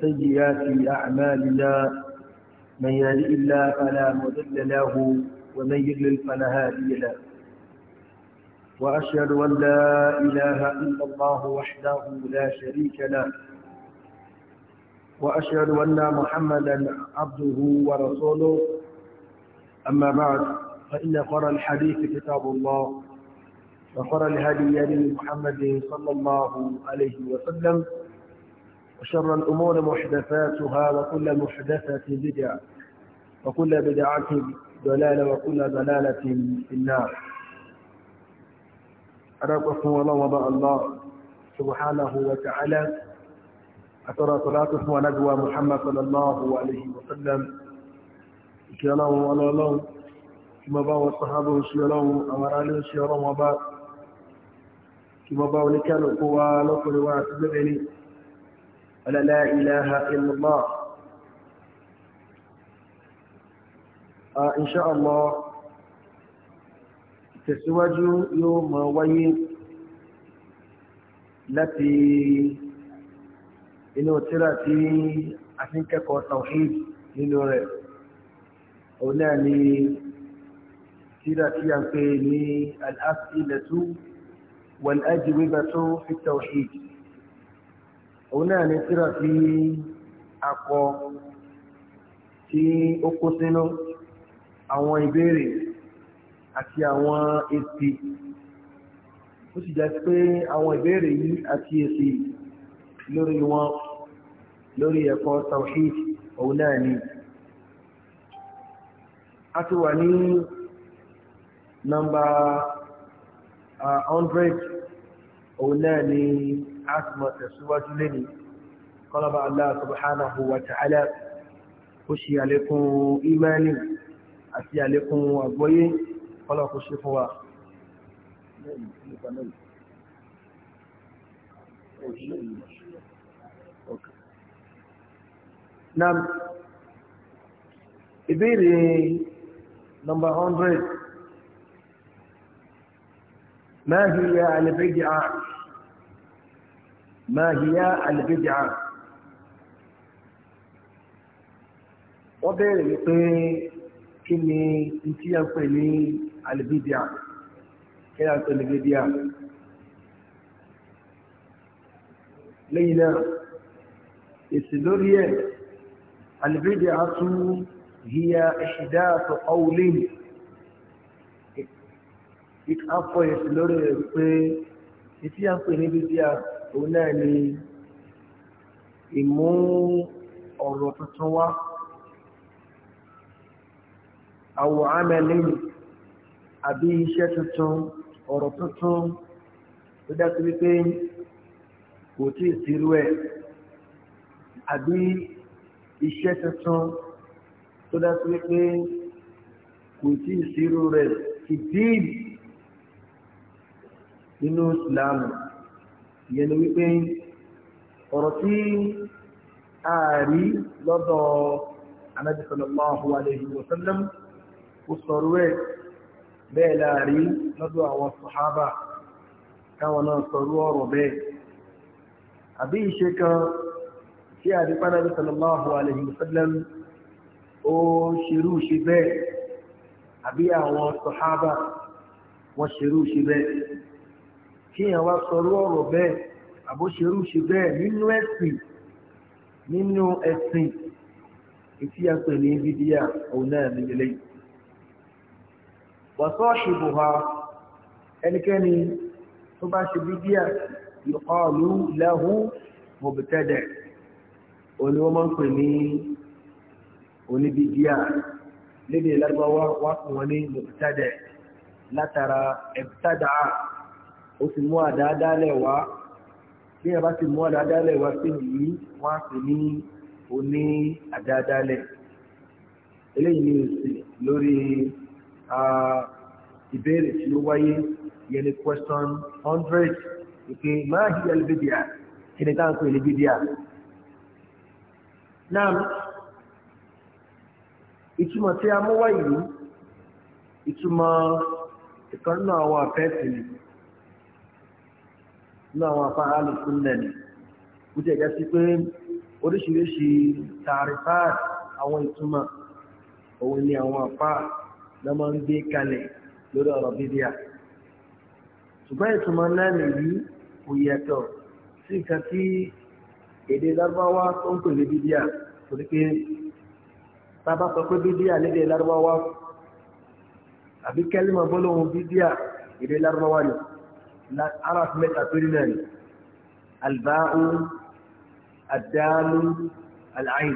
سيئات أعمالنا من يهد الله فلا مضل له ومن يضلل فلا هادي له وأشهد أن لا إله إلا الله وحده لا شريك له وأشهد أن محمدا عبده ورسوله أما بعد فإن خر الحديث كتاب الله وخر الهدي لمحمد صلى الله عليه وسلم وشر الأمور محدثاتها وكل محدثة بدعة وكل بدعة ضلالة وكل ضلالة في النار أراكم الله وضع الله سبحانه وتعالى أترى صلاته ونجوى محمد صلى الله عليه وسلم إن الله الله كما باو الصحابة إن الله عليه إن الله وبا كما باو لكالقوى القوى لكل واحد ولا لا إله إلا الله آه، إن شاء الله تسواج يوم وين التي إنه تراتي أفنك التوحيد لنور أولاني تراتي أنفيني الأسئلة والأجوبة في التوحيد òun náà ni tíra tí a kọ tí ó kó sínú àwọn ìbéèrè àti àwọn èsì ó sì jẹ́ pé àwọn ìbéèrè yìí àti èsì lórí wọn lórí ẹ̀kọ́ tawhid òun náà ni a ti wà ní nọ́mbà 100 òun náà ni àtìmọ̀ tẹ̀síwájú lẹ́ni kọlọ́bà Allah subhanahu wa ta'ala kó ṣe àlékún imani àti àlékún àgbọ́yé kọlọ́kù ṣe fún wa Nam ìbéèrè number 100 ما هي البدعة ما هي البدعة wọ́n bẹ̀rẹ̀ wípé kí ni tí a ń pè ní alìbídíà kí a ń pè ní bídíà lẹ́yìn náà èsì lórí ẹ̀ alìbídíà tún hiya ìṣìdáàtọ̀ ọ̀wùlé ìkáfọ́ èsì lórí ẹ̀ wípé tí a ń pè ní bídíà òun náà ni ìmú ọ̀rọ̀ tuntun wá àwọ̀ amẹ́lẹ́ àbí iṣẹ́ tuntun ọ̀rọ̀ tuntun tó dájú wípé kò tí ì sírú ẹ̀ àbí iṣẹ́ tuntun tó dájú wípé kò tí ì rẹ̀ ti dìbì nínú ìsìlámù ìyẹn ni wípé ọ̀rọ̀ tí a rí lọ́dọ̀ Ànábì sallallahu alayhi wa sallam ó sọ̀rọ̀ ẹ̀ bẹ́ẹ̀ láàrí lọ́dọ̀ àwọn sàhábà káwọn náà sọ̀rọ̀ ọ̀rọ̀ bẹ́ẹ̀ àbí ìṣe kan tí a rí kíyàn wá sọrú ọ̀rọ̀ bẹ́ẹ̀ àbóṣerú ṣe bẹ́ẹ̀ nínú ẹ̀sìn nínú ẹ̀sìn ìtí a pè ní bídíà òun náà ní ilé wàsọ́ọ̀ṣì bùhá ẹnikẹ́ni tó bá ṣe bídíà yuqalu lahu mubtadi' òun ni wọ́n máa ń pè ní oníbídíà lédè lágbàwá wá fún wọn ní mubtadi' látara ibtada'a ó sì mú àdáadáalẹ̀ wá bí ẹ bá ti mú àdáadáalẹ̀ wá sí yìí wọ́n á sì ní oní àdáadáalẹ̀ eléyìí ni òsì lórí ìbéèrè tí ó wáyé yẹn ni question hundred ìpè máa jí ẹlẹ́bídìá kí ni táwọn pè ẹlẹ́bídìá náà ìtumọ̀ tí a mú wáyé ìtumọ̀ ìkànnì àwọn àfẹ́sì nìyí nínú àwọn afáàlù súnlẹ̀ ni ó ti ẹ̀já sí pé oríṣiríṣi tààrífáà àwọn ìtumọ̀ òun ni àwọn afá ló máa ń gbé kalẹ̀ lórí ọ̀rọ̀ bíbíà ṣùgbọ́n ìtumọ̀ náà nìyí kò yàtọ̀ sí nǹkan tí èdè lárúbáwá tó ń pè ní bíbíà torí pé tá a bá sọ pé bíbíà lédè lárúbáwá àbí kẹ́límọ̀ gbólóhùn bíbíà èdè lárúbáwá nìyí ara fi mẹ́ta péré náà ni alba'u adalu al'ain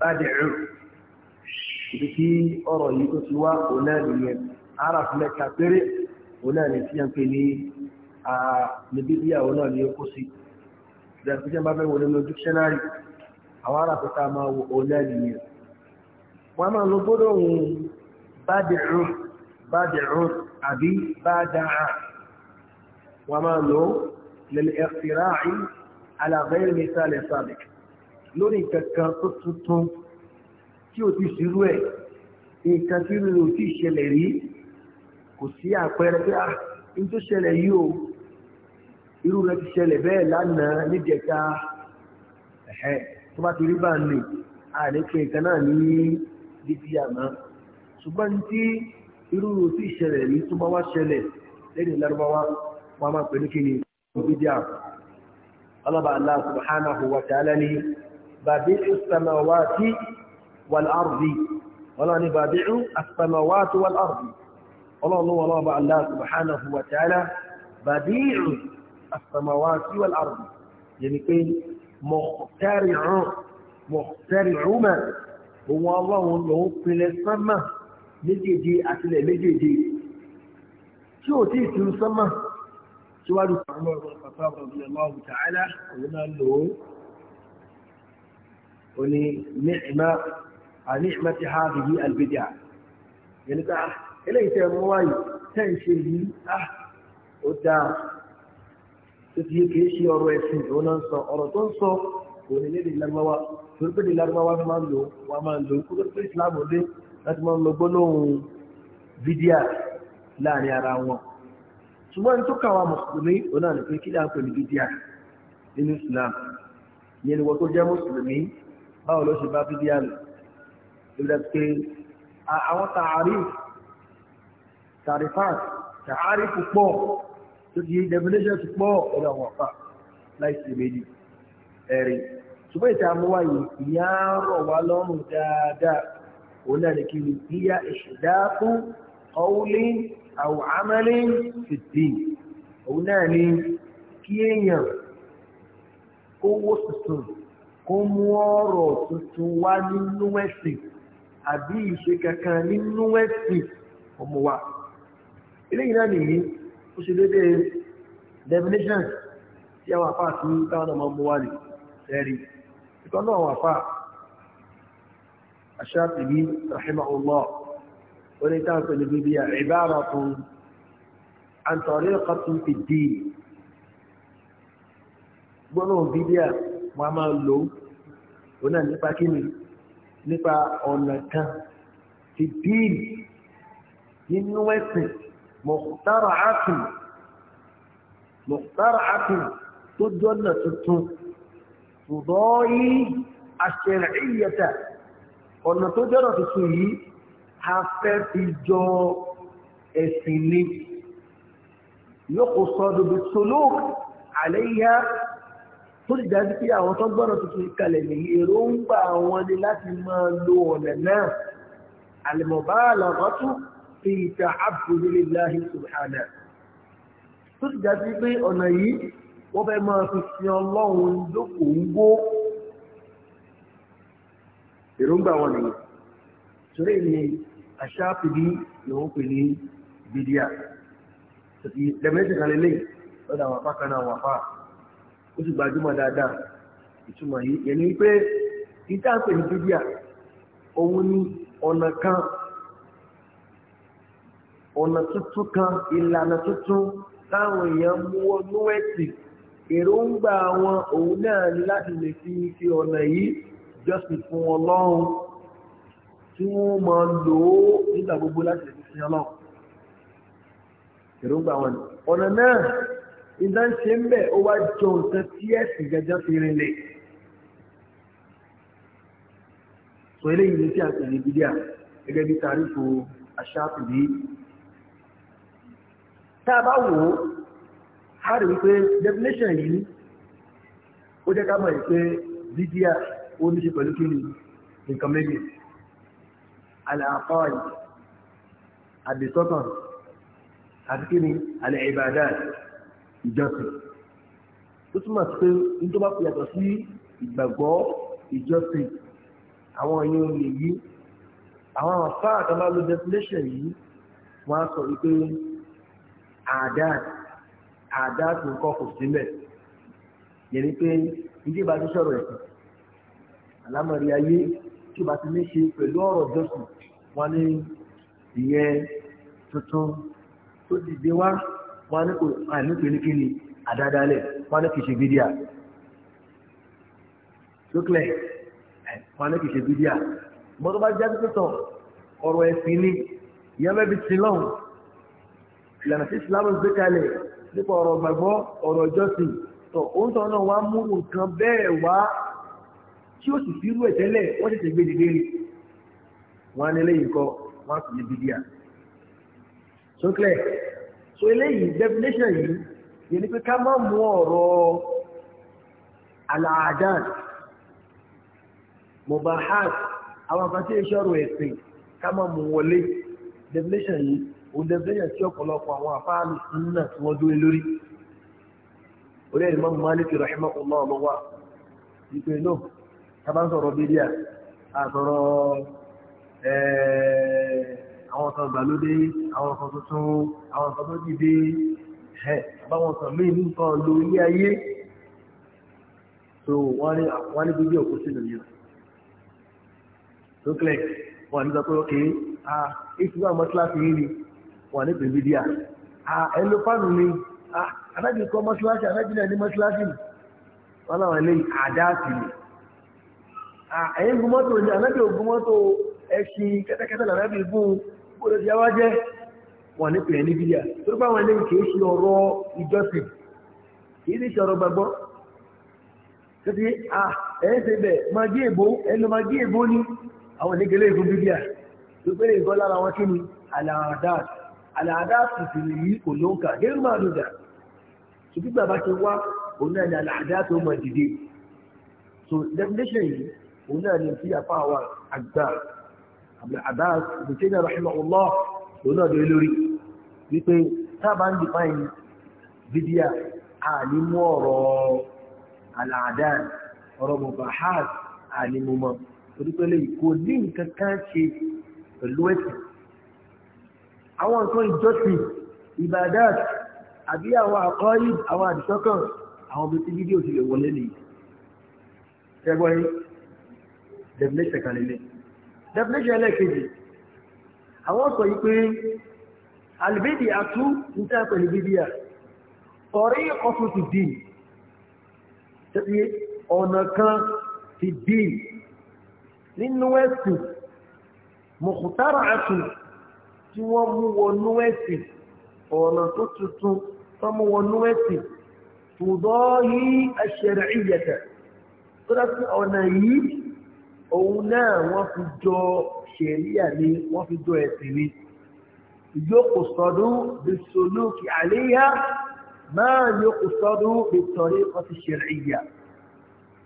badi'u ibi tí ọ̀rọ̀ yìí tó ti wá òun náà nìyẹn ara fi mẹ́ta péré òun náà ni tí a ń pè ní níbi bí àwọn náà ni ó kó sí ìdàgbé jẹ́ bá fẹ́ wọlé lọ dictionary àwọn ará pẹ̀ta máa wo òun náà nìyẹn wọ́n máa lọ gbọ́dọ̀ òun badi'u badi'u àbí bada'a wọ́n máa lò lil-iqtira'i ala ghayri mithal sabiq lórí kankan tó tuntun tí o ti ṣírú ẹ̀ nǹkan tí rírì ò tí ì ṣẹlẹ̀ rí kò sí àpẹẹrẹ pé ah n tó ṣẹlẹ̀ yìí o irú rẹ̀ ti ṣẹlẹ̀ bẹ́ẹ̀ lánàá níjẹta ẹ̀hẹ́ tó bá ti rí bá nì àdékè nǹkan náà ní dídí àmọ́ ṣùgbọ́n tí irú rẹ̀ ò tí ì ṣẹlẹ̀ rí tó bá wá ṣẹlẹ̀ lẹ́yìn lárúbáwá wọ́n máa pẹ̀lú kí ni ìbídíà ọlọ́bà Allah subhanahu wa ta'ala ni bàbí'u samawati wal ardi wọ́n ni bàbí'u samawati wal ardi ọlọ́ọ̀lọ́wọ́lọ́bà Allah subhanahu wa ta'ala bàbí'u samawati wal ardi yẹni pé mọ̀tẹ́rìrún mọ̀tẹ́rìrún mẹ́ òun ọlọ́run lòun pinlẹ̀ sánmà méjèèjì àtìlẹ̀ méjèèjì síwájú pàmò ọ̀rọ̀ pàtó àbọ̀bí ọlọ́ọ̀bù tààlà òun náà lò ó ó ní nígbà àníìmá ti ha bìbí àlùbíjà yẹn nípa ah, eléyìí tẹ mú wáyé tẹ ń ṣe yìí á ah, ó dáa tó ti yé kìí ṣe ọ̀rọ̀ ẹ̀sìn òun náà ń sọ ọ̀rọ̀ tó ń sọ òun ní lédè lágbáwá torí pé lágbáwá máa ń lò wá máa ń lò kó tó láti máa ń lọ gbólóhùn fídíà láàrin ara wọn ṣùgbọ́n tó kàwà mùsùlùmí ọ̀nà ní pé kí láà pẹ̀lú bídíà nínú Islam ìyẹn ni wọ́n tó jẹ́ mùsùlùmí báwo ló ṣe bá bídíà lò lórí pé àwọn tààrí tàrífàt tààrí púpọ̀ tó di definition púpọ̀ ọ̀dọ̀ àwọn àpá láìsí méjì ẹ̀rí ṣùgbọ́n ìta amúwá yìí ìyá rọ̀ wá lọ́rùn dáadáa òun náà ní kí ni ìyá ìṣẹ̀dá fún ọ̀wúlé àwọn amẹ́lẹ́ fìdí òun náà ni kí èèyàn kówó tuntun kó mú ọ̀rọ̀ tuntun wá nínú ẹ̀sìn àbí ìṣe kankan nínú ẹ̀sìn ọmọ wa eléyìí náà nìyí ó ṣe dédé definition tí àwọn àfáà tí táwọn ọmọ mú wá lè ẹ̀rí ìkan àwọn àfáà aṣáàtìbí rahimahullah oníkàtò ní bíbí ìbára fún àǹtọ̀rí ọkọ̀tún ti dì í gbọ́nà bíbí à wọ́n a máa lò ó náà nípa kíni nípa ọ̀nà kan ti dì í nínú ẹ̀sìn mọ̀kútàrà àtùn mọ̀kútàrà àtùn tó jọ́nà tuntun tùdọ́ yìí àṣẹ̀rẹ̀ ìyẹ̀tà ọ̀nà tó jọ́nà tuntun yìí a fẹ́ fi jọ ẹ̀sìn ni yóò sọ dodo solo àléyá tó ti dájú pé àwọn tó gbọ́dọ̀ tuntun kalẹ̀ ní èròǹgbà wọn ni láti máa lo ọ̀nà náà àlùmọ̀báàlà rọ́tún fi ìta àbúrúlé láhì subhana tó ti dájú pé ọ̀nà yìí wọ́n fẹ́ máa fi sin ọlọ́run lókòóngbó èròǹgbà wọn nìyẹn torí ni aṣáàpìdì lòun pè ní bìdíà ìdẹ̀mẹ́sì kan lélẹ̀ lọ́dọ̀ àwọn apá kan náà wà fà ó sì gbajúmọ̀ dáadáa ìtumọ̀ yìí yẹn ni pé ìta pè ní bìdíà òun ni ọ̀nà kan ọ̀nà tuntun kan ìlànà tuntun táwọn èèyàn mú ọdún ẹ̀sìn èròǹgbà wọn òun náà ni láti lè fi fi ọ̀nà yìí jọ́sìn fún ọlọ́run tí wọ́n máa lò ó nígbà gbogbo láti lè fi ọlọ́run èròǹgbà wọn ni ọ̀nà náà ìdá ń ṣe ń bẹ̀ ó wá jọ nǹkan tí ẹ̀sìn gẹ́gẹ́ fi rinlẹ̀ sọ eléyìí ní tí a pè ní bídíà gẹ́gẹ́ bí tàrífò aṣáàpìlì tá a bá wò ó a rí wípé definition yìí ó jẹ́ ká mọ̀ pé bídíà ó ní ṣe pẹ̀lú kí ni nǹkan méjì àlàáfáàlì àdìsọ́tàn àti kí ni àlẹ́ ìbàdà ìjọsìn ó túmọ̀ sí pé ní tó bá fi yàtọ̀ sí ìgbàgbọ́ ìjọsìn àwọn èèyàn olè yìí àwọn àfá àtàbà ló definition yìí wọ́n á sọ wípé àdáàt àdáàt nǹkan kò sílẹ̀ yẹni pé ilé ìbá sọ̀rọ̀ ẹ̀sìn àlámọ̀rí ayé tí ó bá ti ní ṣe pẹ̀lú ọ̀rọ̀ jọ́sìn wọ́n ní ìyẹn tuntun tó dìde wá wọ́n ní kò àìnípe ní kíni àdádálẹ̀ wọ́n ní kì í ṣe bídíà sókèlè wọ́n ní kì í ṣe bídíà mọ́tò bá jáde tó ọ̀rọ̀ ẹ̀sìn ni ìyẹ́mẹ́bi ti lọ́hùn ìlànà tí Islam gbé kalẹ̀ nípa ọ̀rọ̀ gbàgbọ́ ọ̀rọ̀ ìjọsìn tọ̀ òun tọ̀ náà wá mú nǹkan bẹ́ẹ̀ wá tí ó sì fi rú ẹ̀ tẹ́lẹ̀ wọ́n tètè gbé dìde wọ́n á ní eléyìí kọ́ wọ́n á sì ní bídíà so clear so eléyìí definition yìí yẹn ni pé ká má mú ọ̀rọ̀ alaadan mubahat àwọn àfàtì ìṣòro ẹ̀sìn ká má mú wọlé definition yìí òun definition tí ọ̀pọ̀lọpọ̀ àwọn àfáàlù sunna tí wọ́n dúró lórí orí ẹ̀rí mọ́mú malik rahimahullah ọmọ wa ìpè náà tábà ń sọ̀rọ̀ bídíà àtọ̀rọ̀ Eh, àwọn kan gbàlódé àwọn kan tuntun àwọn kan tó dìde báwọn kan mí nǹkan lo ilé ayé so wọ́n ní bíbí òkú sínú yìí tó kílẹ̀ wọ́n ní sọpé ókè ah èsì wà mọ́síláàsì yìí ni wọ́n ní bèbí díà ah ẹ ló fánù ni ah adájú kọ́ mọ́síláàsì adájú náà ní mọ́síláàsì ni wọ́n láwọn eléyìí àdáàsì ni ah ẹ̀yìn gúmọ́tò ni adájú ògúmọ́tò ẹṣin kẹ́tẹ́kẹ́tẹ́ làrábì fún bóòdó ti yáwá jẹ́ wọ́n ní pẹ̀lú bídíà tó bá wọn léyìn kìí ṣe ọ̀rọ̀ ìjọsìn kìí ní ṣe ọ̀rọ̀ gbàgbọ́ títí à ẹ̀yẹ́ ṣe bẹ̀ máa jí èbó ẹnu máa jí èbó ní àwọn onígẹlẹ́ ìfún bídíà tó pé nǹkan lára wọn kí ni àlàádáà àlàádáà sì sì lè yí kò ló ń kà nínú máa dùn dà ṣùgbọ́n bàbá ṣe wá òun náà ní àlàádáà àpá àwọn àgbà Abbas bùtẹ́nà rahimahullah lónà lórí lórí wípé sábà ń define bídíà ànímú ọ̀rọ̀ aláàdáà ọ̀rọ̀ mubahas ànímú mọ́ torí pé lè kò ní nǹkan kan ṣe pẹ̀lú ẹ̀sìn àwọn nǹkan ìjọsìn ibadat àbí àwọn àkọ́rí àwọn àdìsọ́kàn àwọn ọmọ tí fídíò ti lè wọlé nìyí ẹgbọ́n definition definition ẹlẹ́kejì àwọn sọ yí pé alìbídì àtú ní tẹ́ pẹ̀lú bídíà ọ̀rí ọ̀tún ti dì tẹ́bí ọ̀nà kan ti dì nínú ẹ̀sìn mọ̀kútàrà àtún tí wọ́n mú wọnú ẹ̀sìn ọ̀nà tó tuntun tó mú wọnú ẹ̀sìn tùdọ́ yí ẹ̀ṣẹ̀rẹ̀ ìyẹ̀tẹ̀ tó dá sí ọ̀nà yìí òun náà wọ́n fi jọ ṣẹ̀ríà ni wọ́n fi jọ ẹ̀sìn ni yóò sọdún bisolúkì àléyà máa yóò sọdún bitọ̀rí ọtí ṣẹ̀ríà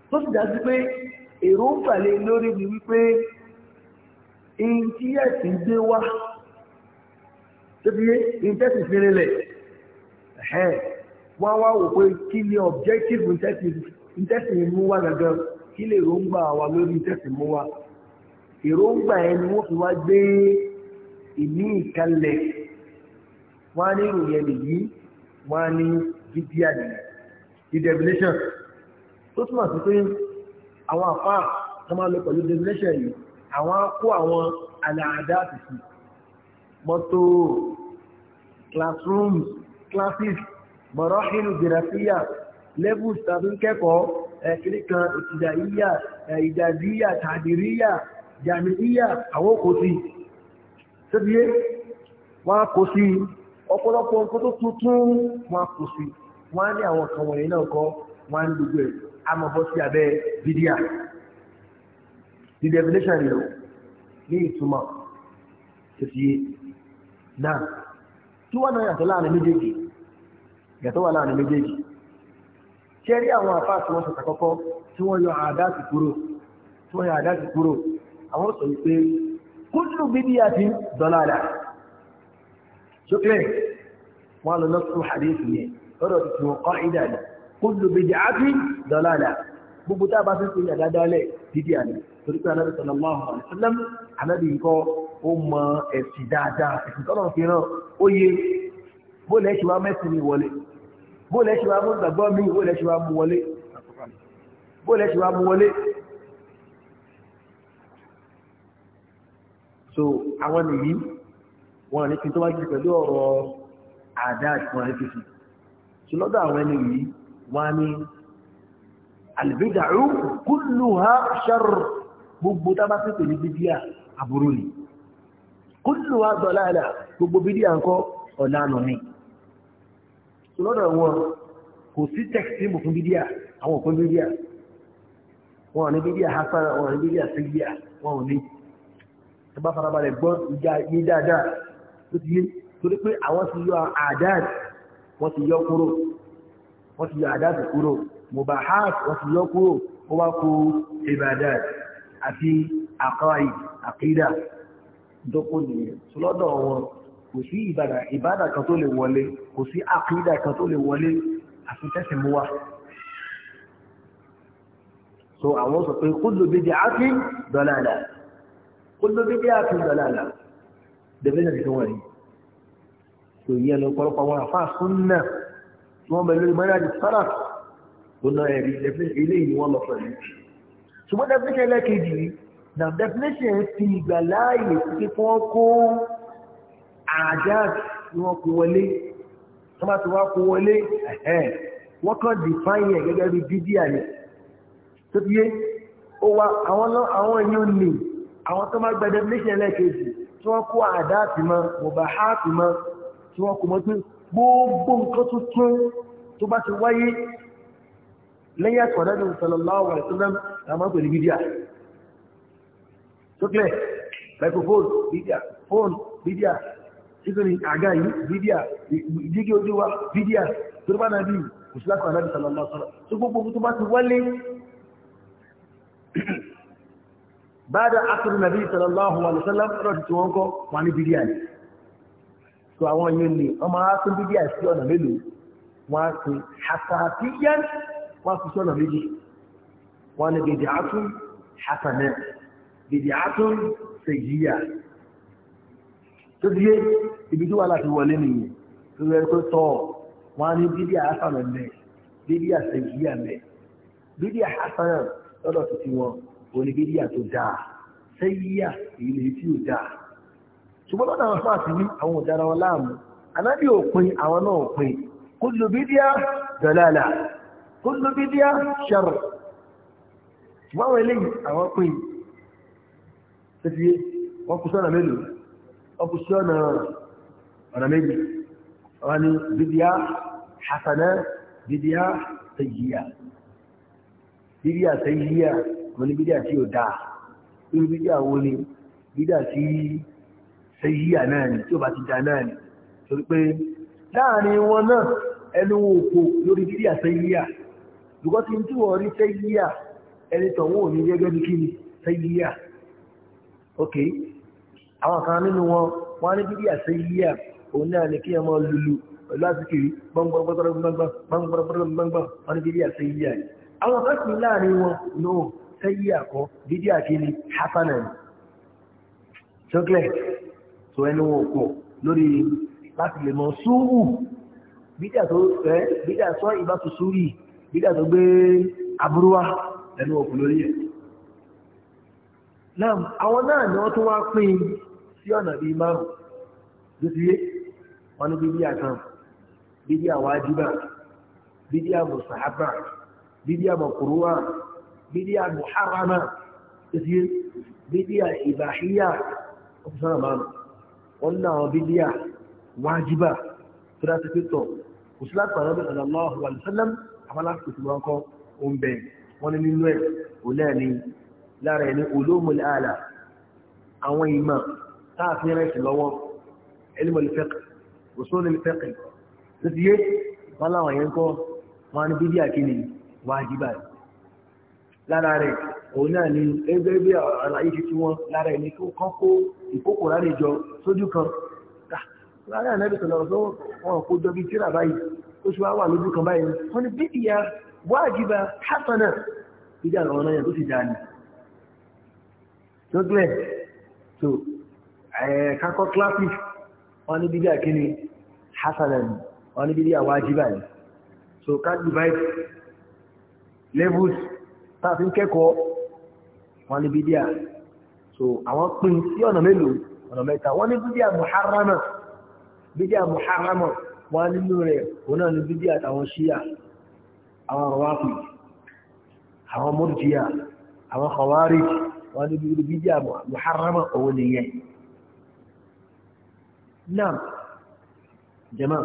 tó sì dájú pé èròǹgbà lé lórí ni wípé ihun tí ẹ̀sìn gbé wá tó fi yé fi rinlẹ̀ wọ́n wá wò pé kí ni objective intensive intensive mú wá gangan kí lè róńgbà wa lórí tẹ̀sìmú wa èròǹgbà ẹni wọ́n fi wá gbé ìní ìkalẹ̀ wọ́n á ní ìròyìn ẹni yìí wọ́n á ní bíbíà nìyí the definition tó túmọ̀ sí pé àwọn àfá tó máa lọ pẹ̀lú definition yìí àwọn kó àwọn àlàáda àtìsí mọ́tò classrooms classes mọ̀rọ́hìnù gẹ̀rẹ́fíà levels tàbí kẹ́kọ̀ọ́ ẹ̀kìrí kan ìtìdàíyà ìdàdíyà tàdíríyà jàmìíyà àwọn kò sí sẹ́bíyé wọ́n kò sí ọ̀pọ̀lọpọ̀ nǹkan tó tuntun wọ́n kò sí wọ́n ní àwọn kan wọ̀nyí náà kọ́ wọ́n ń gbogbo ẹ̀ amọ̀bọ́ sí abẹ́ bídíà the definition lò ní ìtumọ̀ sẹ́bíyé náà tí wọ́n náà yàtọ̀ láàrin méjèèjì yàtọ̀ wà láàrin méjèèjì ṣe rí àwọn àfá tí wọ́n sọ̀tà kọ́kọ́ tí wọ́n yọ àdáàtì kúrò tí wọ́n yọ àdáàtì kúrò àwọn sọ wípé kúndùn bíbí àti dọ́làdà ṣókè wọn lọ lọ́sùn hadith yẹn lọ́dọ̀ ti tiwọn kọ́ ìdá ni kúndùn bíbí àti dọ́làdà gbogbo tá a bá fi ń pè ní àdádálẹ̀ dídí àná torí pé anábì sallallahu alaihi wasallam anábì nǹkan ó mọ ẹ̀sìn dáadáa ẹ̀sìn tọ́lọ̀ fi ràn ó yẹ bó lẹ́ẹ̀kì wá mẹ́sìn ní wọlé bóòlẹ̀ ṣe wá mú gbàgbọ́ mi bóòlẹ̀ ṣe wá mú wọlé bóòlẹ̀ ṣe wá mú wọlé so àwọn nìyí wọn ní kí tó wá jù pẹ̀lú ọ̀rọ̀ so lọ́dọ̀ àwọn ẹni yìí wọ́n ní albid'u kulluha sharr gbogbo tá bá pèpè ní bíbíà àbúrò ni kulluha dalala gbogbo bíbíà ńkọ́ ọ̀lànà ni lọ́dọ̀ wọn kò sí tẹ̀síìmù fún bídíà àwọn òpin bídíà wọn ò ní bídíà hasara wọn ò ní bídíà sídíà wọn ò ní ẹ bá farabalẹ̀ gbọ́ ìjà yé dáadáa tó ti yé torí pé àwọn ti yọ àdáàd wọ́n ti yọ kúrò wọ́n ti yọ àdáàd kúrò ibadat àti àkọ́yì àkídà dókòó nìyẹn lọ́dọ̀ kò sí ìbàdà ìbàdà kan tó lè wọlé kò sí àkídà kan tó lè wọlé àti tẹ́sìn mú wa so àwọn sọ pé kullu bid'atin dalala kullu bid'atin dalala dẹ̀bẹ́nà ti wọ̀nyí so yíyá lọ pọ̀lọpọ̀ àwọn àfáà súnnà tí wọ́n bẹ lórí mẹ́rin sára tó ná ẹ̀rí ilé ìní wọn lọ pẹ̀lú ṣùgbọ́n definition ẹlẹ́kejì na definition fi ìgbà láàyè sí pé kó àjáàz ni wọ́n kó wọlé wọ́n bá ti wá kó wọlé wọ́n kàn dìfáyìn ẹ̀ gẹ́gẹ́ bí bídíà yẹn tó fi yé ó wá àwọn èèyàn ní àwọn tó máa gbẹdẹ méṣẹ̀ lẹ́ẹ̀kejì tí wọ́n kó àdáàtì mọ́ mọ̀báháàtì mọ́ tí wọ́n kó mọ́ pé gbogbo nǹkan tuntun tó bá ti wáyé lẹ́yìn àtọ̀dájú sallallahu alaihi wasallam àmọ́ pẹ̀lú bídíà tó kílẹ̀ microphone bídíà phone bídíà nítorí àga yìí fídíà ìdígé ojú wa fídíà tó bá náà bí mùsùlákọ̀ aláàbí sàlọ́lá sọ́rọ̀ tó gbogbo tó bá ti wọlé bada akọrọ nàbí sàlọ́láhu alẹ́sàlá ọ̀rọ̀ tuntun wọn kọ́ wà ní fídíà ni tó àwọn yẹn lè ọmọ akún fídíà sí ọ̀nà mélòó wọn á ti tó di yé ibi tí wà láti wọlé nìyẹn tó yẹ kó tọ̀ wọn á ní bíbí àásán mẹ́ bíbí àṣẹyíyà mẹ́ bíbí àásán lọ́dọ̀ tuntun wọn òun ni bíbí àtò dáa sẹ́yíyà èyí lè tí ò dáa ṣùgbọ́n lọ́dọ̀ àwọn fáàsì ní àwọn ọ̀daràn wọn láàmú anábì òpin àwọn náà òpin kullu bídíà dalala kullu bídíà sharr ṣùgbọ́n àwọn eléyìí àwọn pin tẹ́tí wọ́n kú sọ́nà mélòó ọkùsí ọ̀nà ọ̀nà méjì wọ́n ni bíbíá hasana bíbíá tẹ̀yíyà bíbíá tẹ̀yíyà wọ́n ni bíbíá tí ó dáa irú bíbíá wo ni bíbíá tí tẹ̀yíyà náà ni tí ó bá ti da náà ni torí pé láàrin wọn náà ẹnu òkò lórí bíbíá tẹ̀yíyà lùkọ́ tí ń túwọ̀ rí tẹ̀yíyà ẹni tọ̀wọ́ ò ní gẹ́gẹ́ bí kí ni tẹ̀yíyà àwọn kan nínú wọn wọ́n ní bíbí àṣẹ yíyà òun náà ní kí ọmọ lulu pẹ̀lú àsìkiri gbọ́ngbọ́ngbọ́ngbọ́ngbọ́ngbọ́ngbọ́ngbọ́n wọ́n ní bíbí àṣẹ yíyà yìí àwọn kan sì láàrin wọn no ṣe yíyà kọ́ bíbí àkíní hasanan chocolate tó ẹnu wọn kọ lórí láti lè mọ súwù bídà tó fẹ́ bídà sọ ìbá tó sí ọ̀nà bíi márùn ló ti yé wọn ní bíbí àtàn bíbí àwájúbà bíbí àmùsàhábà bíbí àmọ̀kùrúwà bíbí àmùháràmà ló ti yé bíbí àìbàhíyà ọ̀sán àmàmù wọn ní àwọn bíbí àwájúbà tó dá sí pé tọ̀ kò sí láti pàdánù sallallahu alaihi wasallam àwọn aláṣẹ tó máa wọ́n ní nínú ẹ̀ òun náà ni lára ẹni ulumul ala àwọn ìmọ̀ táàfin rẹ̀ sí lọ́wọ́ ilmul fiqh usulul fiqh tó ti yé wọn láwọn yẹn kọ́ wọn ní bíbí àkíní wájibà lára rẹ̀ òun náà ni ẹgbẹ́ bí àlàyé ti tí wọ́n lára ẹni tó kọ́ kó ìkókò láre jọ sójú kan lára ànábì sọ̀rọ̀ ọ̀sán wọn kó jọ bí tíra báyìí ó ṣe wá wà lójú kan báyìí wọn ni bíbí ya wájibà hasana bíbí àlọ́ ọ̀nà yẹn tó ti dáa ni. Eh, kakọ́ classic wọ́n ní bídíà kí ni hasanan wọ́n ní bídíà wájíbà ni so ká divide levels tàbí kẹ́kọ̀ọ́ wọ́n ní bídíà so àwọn pín sí ọ̀nà mélòó ọ̀nà mẹ́ta wọ́n ní bídíà muharrama bídíà muharrama wọ́n nínú rẹ̀ wọ́n náà ní bídíà àtàwọn ṣíyà àwọn rọwáfì àwọn murjiya àwọn khawarij wọ́n ní bídíà muharrama òun nìyẹn náà jẹ́mọ́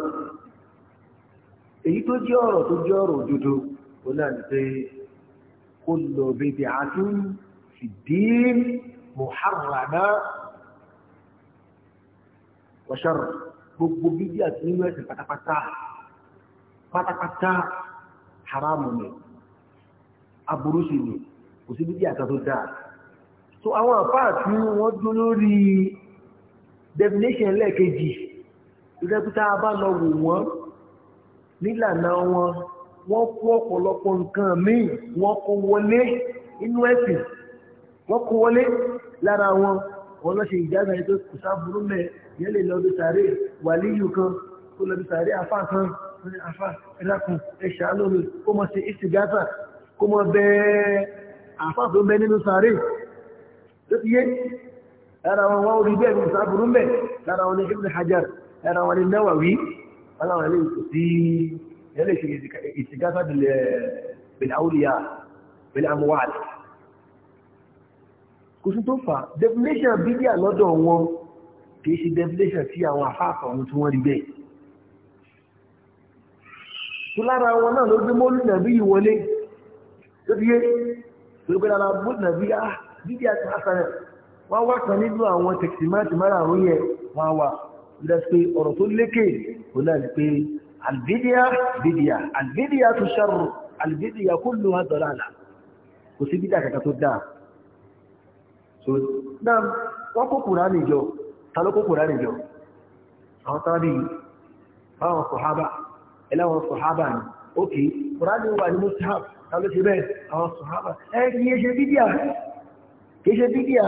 èyí tó jẹ́ ọ̀rọ̀ tó jẹ́ ọ̀rọ̀ òdodo ó náà ní pé kó lọ bèbè àtún fìdín muharrama wàṣọ́rọ̀ gbogbo bíbí àti nínú ẹ̀sìn pátápátá pátápátá haramu ni aburú sí ni kò sí bíbí àtàtó dáa so àwọn àfáà tí wọ́n dún lórí definition lẹ́ẹ̀kejì ìrẹ́pútà bá lọ wò wọ́n nílànà wọn wọ́n kó ọ̀pọ̀lọpọ̀ nǹkan míì wọ́n kó wọlé inú ẹ̀sìn wọ́n kó wọlé lára wọn wọn lọ ṣe ìjáde ẹni tó kù sáburú mẹ yẹn lè lọ́dún sàárè wàlíyù kan tó lọ́dún sàárè afá kan wọ́n ní afá ẹ̀dàkùn ẹ̀ṣà lómi kó mọ sí ìsìgáta kó mọ bẹ́ẹ̀ afá tó bẹ nínú sàárè tó ti yé lára wọn wọ́n rí bẹ́ẹ̀ ní ìsáàbùrú mẹ́ lára wọn ní ibn hajar lára wọn ní náwàwí wọn láwọn ilé ìkò sí ilé ìṣìgáfà bìláwùlíà bìláwùwàl kò sí tó fà definition bídíà lọ́dọ̀ wọn kì í ṣe definition tí àwọn afáàfà wọn tí wọ́n rí bẹ́ẹ̀ tó lára wọn náà ló gbé mọ́lù nàbí yìí wọlé tó fi yé tó gbé lára nàbí yá ah, wọ́n wá kan nínú àwọn tẹ̀símáàtì mara àwọn yẹ wọ́n wá ìdásípé ọ̀rọ̀ tó lékè kò náà ní pé albidia bidia albidia tó ṣàrù albidia kó ló wá dọ̀lá àlà kò sí bídà kàkà tó dáa so náà wọ́n kó Kùránì jọ ta ló kó Kùránì jọ àwọn tábí báwọn sọ̀hábà ẹláwọn sọ̀hábà ni ok Kùránì wà ní mustahab ta ló ṣe bẹ́ẹ̀ àwọn sọ̀hábà ẹ kìí ṣe bídíà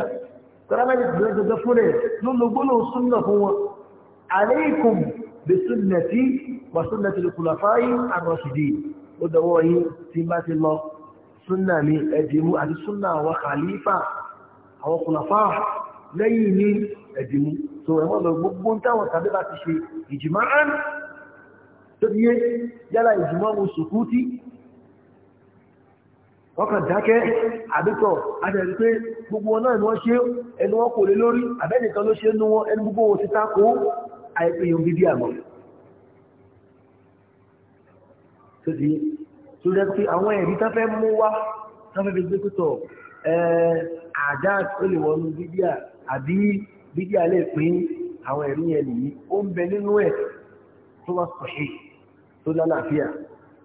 tọ́lámẹ́lì ìgbìyàn gẹ́gẹ́ fún rẹ̀ ló lo gbóná súnnà fún wọn aleikum bí sunnati wà sunnati lè kùlà fáyí àrọ̀ṣìdì ó dọwọ́ yìí tí bá ti lọ súnnà mi ẹ̀dìmú àti súnnà àwọn khalifa àwọn kùlà fá lẹ́yìn ní wọ́n kàn dákẹ́ àbítọ̀ àtẹ̀rí pé gbogbo wọn náà ni wọ́n ṣe ẹnu wọn kò lè lórí àbẹ́nìkan ló ṣe nú wọn ẹnu gbogbo wọn ti tako àìpéyàn bíbí àmọ́ tó ti tó jẹ́ pé àwọn ẹ̀rí tán fẹ́ mú wá tán fẹ́ fi gbé pẹ́tọ̀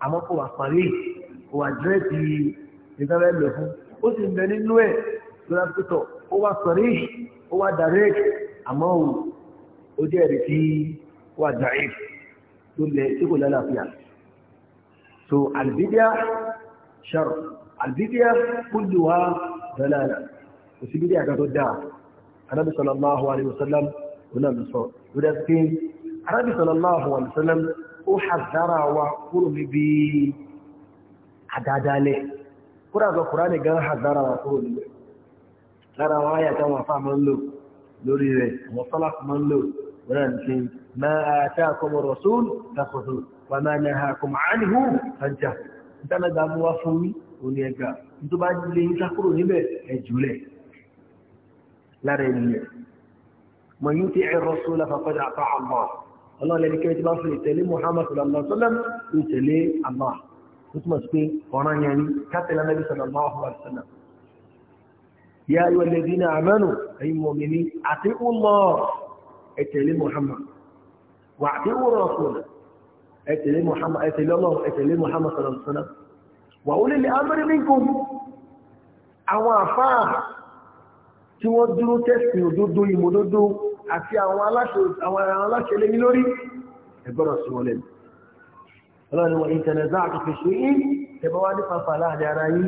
àmọ́ kò wà parí kò wà dírẹ́sì nǹkan fẹ́ lò fún ó sì ń bẹ nínú ẹ̀ lọ́la pítọ̀ ó wá sọ̀rí ó wá direct àmọ́ ò ó jẹ́ ẹ̀rí tí wà direct tó lẹ tí kò lálàáfíà so albidia shar albidia kulluha dalala kò sí bídíà kan tó dáa anábì sallallahu alayhi wa sallam ọ̀nà mi sọ ó dá sí pé sallallahu alayhi wa sallam ó hàzára wa kúrò níbi àdáadáa kúrò àgbà kùránì gan àgbára wà kúrò nílẹ̀ lára wọn àyà táwọn afá máa ń lò lórí rẹ̀ àwọn sọ́láfù máa ń lò wọn náà ti máa àtà àkọmọ rọ̀sùn takọ̀tù wà máa ní ha àkọmọ àánihù tí bá fi ìtẹ̀lé muhammadu sallallahu alaihi ìtẹ̀lé àmọ́ ó túmọ̀ sí pé ọ̀ràn yẹn ni kátẹ́lá nàbí sallallahu alaihi wasallam yá ayọ̀ lẹ́bí ní àmánù ẹ̀yin mọ̀mí ni àti ọlọ́ ẹ̀tẹ̀lé Muhammad wà àti ọrọ̀ ọ̀sọ̀rọ̀ ẹ̀tẹ̀lé Muhammad ẹ̀tẹ̀lé ọlọ́run ẹ̀tẹ̀lé Muhammad sallallahu alaihi wasallam wà ó lè lè amẹ́rin minkum àwọn àfáà tí wọ́n dúró tẹ́sì òdodo ìmòdodo àti àwọn aláṣẹ lórí ẹgbọ́rọ̀ sí wọn lẹ́nu ọlọ́ni wọ̀nyí tẹ̀lẹ̀ záà tó fi ṣe yí tẹ̀bọ́ wá ní pàpà láàrin ara yí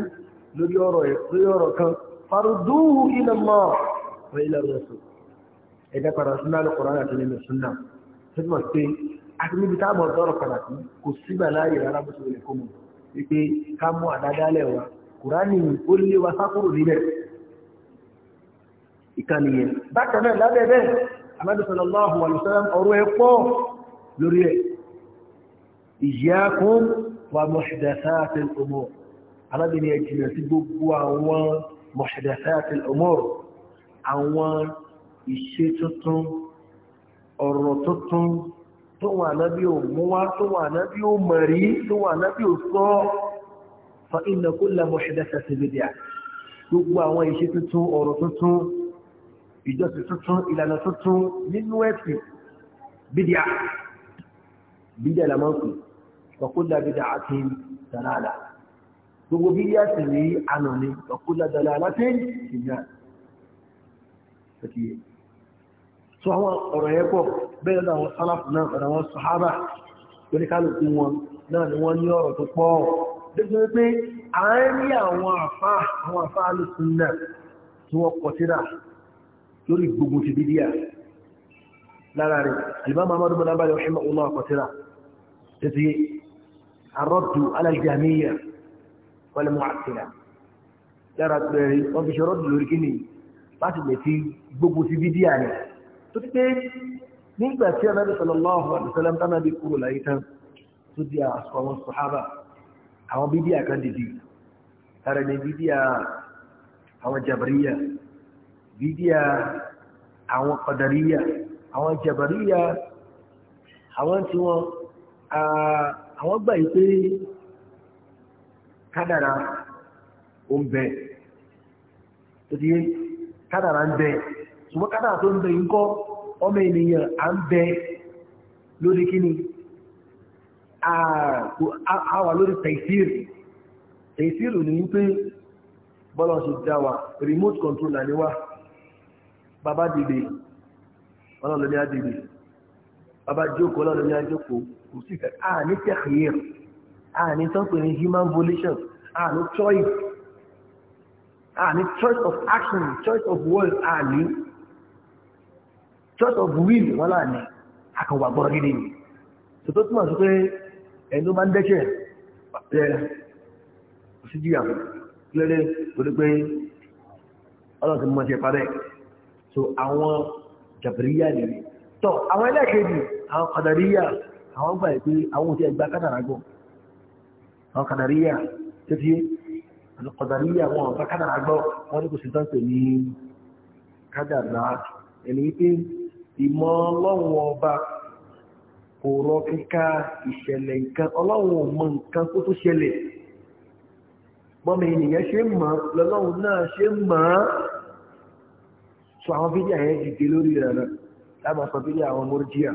lórí ọ̀rọ̀ kan farudúhù ila Allah wa ila Rasul ẹ̀dá padà súnà ló kọ̀rọ̀ àti nínú súnà tó ti mọ̀ pé àti níbi táàmù ọ̀dọ́rọ̀ padà sí kò sígbà láàyè rárá bó ti lórí ẹ̀ ìyákún wà muhdathatil umur alábìnrin ẹ̀jìnà sí gbogbo àwọn muhdathatil umur àwọn ìṣe tuntun ọ̀rọ̀ tuntun tó wà nábí ò mú wá tó wà nábí ò mọ̀rí tó wà nábí ò sọ fa inna kulla muhdathatin bid'ah gbogbo àwọn ìṣe tuntun ọ̀rọ̀ tuntun ìjọsìn tuntun ìlànà tuntun nínú ẹ̀sìn bídíà bídíà la وكل بدعة دلالة ربوبية سني عنوني وكل دلالة في النار فتيه so àwọn ọ̀rọ̀ yẹn pọ̀ bẹ́ẹ̀ náà àwọn sálàfù náà ọ̀rọ̀ àwọn sàhábà oníkálùkù wọn náà ni wọ́n ní ọ̀rọ̀ tó pọ̀ dégbé wípé a ń الرد على الجهمية والمعطلة لا رد بري وفي شرط لوركني بس التي بوبو في فيدياني تتبين nígbà tí anábì sallallahu alaihi wasallam tánà bí kúrò láyé tán tó di àṣọ àwọn sọ̀hábà àwọn bídíà kan dìdì tààrà ní bídíà àwọn jàbàríyà bídíà àwọn kọ̀dàríyà àwọn jàbàríyà àwọn tí wọ́n àwọn gbà yìí pé kádàrà ó ń bẹ tó ti yé kádàrà ń bẹ ṣùgbọ́n kádàrà tó ń bẹ ńkọ́ ọmọ ènìyàn à ń bẹ lórí kíni àwà lórí ní wa remote control là bàbá dìde bàbá jókòó lọ́dọ̀ ní ajókòó kò sí ìfẹ́ a ní tẹ̀kìyìr a ní tọ́pẹ̀ ní human volition a ní choice a ní choice of action choice of word a ní choice of will wọ́n là ní gbọ́rọ̀ gidi ni tòtò túmọ̀ sí pé ẹni tó bá ń dẹ́ṣẹ̀ ẹ̀ kò sí jìyà lẹ́lẹ́ torí pé ọlọ́sìn mọ̀ ṣe parẹ́ so àwọn jàbìríyà nìyí tọ́ àwọn ẹlẹ́ẹ̀kejì àwọn kàdàríyà àwọn gbà pé àwọn òtí ẹgbà kádàrà gbọ́ àwọn kàdàríyà tó ti àwọn kàdàríyà wọn ọ̀gbà kádàrà gbọ́ wọn ní kò sí tán pè ní kádàrà ẹni wípé ìmọ̀ ọlọ́run ọba kò rọ kíká ìṣẹ̀lẹ̀ nǹkan ọlọ́run ọmọ nǹkan kó tó ṣẹlẹ̀ bọ́mọ ènìyàn ṣe ń mọ̀ lọ́lọ́run náà ṣe mọ̀ sọ àwọn fídíà yẹn dìde lórí rẹ̀ náà láàmú sọ fídíà àwọn mọ́rìjíà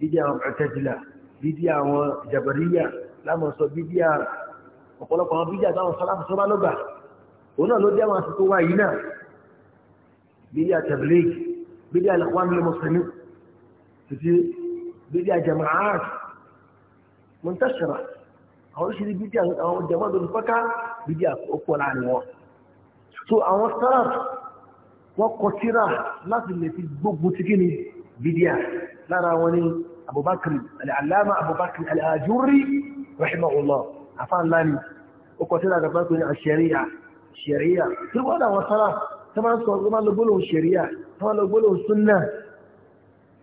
bídí àwọn ọ̀tẹ́jìlá bídí àwọn jàbàríyà lámọ̀sọ bídí ọ̀pọ̀lọpọ̀ àwọn bídí àtàwọn sọ́láfù sọ́bá lọ́gbà òun náà ló dé àwọn àsìkò wáyé náà bídí àtẹ̀bìlẹ́gì bídí àlẹ́kọ́wánilé mùsùlùmí títí bídí àjàmáàt mùntàṣàrà àwọn oríṣiríṣi bídí àwọn jàmáàt olùfọ́ká so àwọn sọ́láfù wọ́n kọ síra láti lè fi bídíà lára wọn ni abubakar al'alama abubakar al'ajúrí rahimahullah afáńlá ni ó kọ sílá àgbà pé ṣẹ̀ríà ṣẹ̀ríà tí wọ́n dà wọn sára tó máa ń sọ tó máa lọ gbólóhùn ṣẹ̀ríà tó máa lọ gbólóhùn súnnà